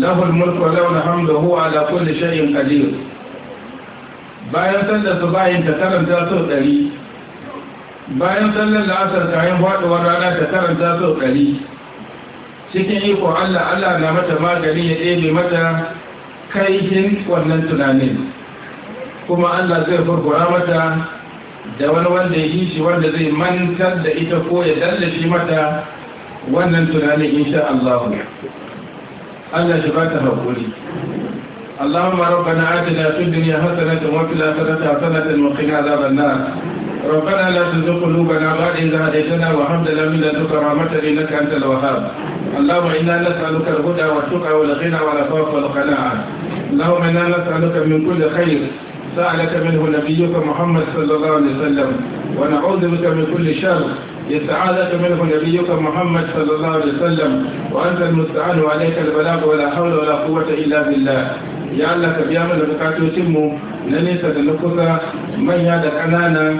Speaker 1: lahul mulku wa launa hamdu ala kulli shay'in qadir bayan sallar su bayin ta karanta sau ɗari bayan sallar la'asar kayan faɗuwar rana ta karanta sau ɗari cikin iko allah allah na mata magani ya ɗebe mata kaihin wannan tunanin kuma Allah zai furfura mata da wani wanda ya shi wanda zai manta da ita ko ya dallashi mata wannan tunanin insha Allah Allah shi ba ta haƙuri Allahumma rabbana atina fid dunya hasanatan wa fil akhirati hasanatan wa qina adhaban nar ربنا لا تزغ قلوبنا بعد إذ هديتنا وهب لنا من لدنك رحمة إنك أنت الوهاب اللهم إنا نسألك الهدى والتقى والغنى والعفاف والقناعة اللهم إنا نسألك من كل خير سألك منه نبيك محمد صلى الله عليه وسلم ونعوذ بك من كل شر يستعاذك منه نبيك محمد صلى الله عليه وسلم وأنت المستعان وعليك البلاغ ولا حول ولا قوة إلا بالله يا الله كبيرا biya mana bukatocinmu na nesa da na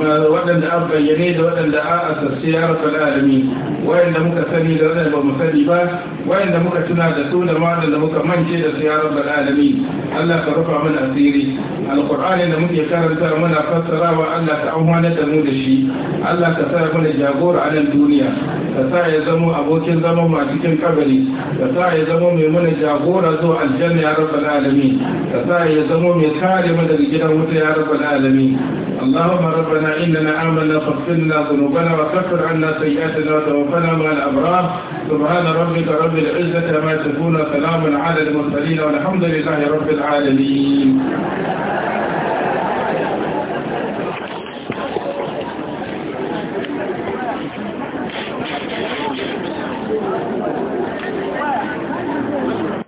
Speaker 1: waɗanda an bayyane da waɗanda a a sassi ya rufe alamin wayanda muka sani da waɗanda ba mu sani ba wayanda muka tuna da su da waɗanda muka mance da su ya rufe alamin Allah ka rufa mana asiri Alƙur'ani da muke karanta mana fassarawa Allah ka amfana da mu da shi Allah ka sa mana jagora a nan duniya ka sa ya zama abokin zama a cikin kabari ka sa ya zama mai mana jagora zuwa aljanna ya rufe alamin ka sa ya zama mai kare mana gidan wuta ya rabbal alamin Allahumma rabbana ربنا إننا آمنا فاغفر لنا ذنوبنا وكفر عنا سيئاتنا وتوفنا مع الأبرار سبحان ربك رب العزة ما تكون سلام على المرسلين والحمد لله رب العالمين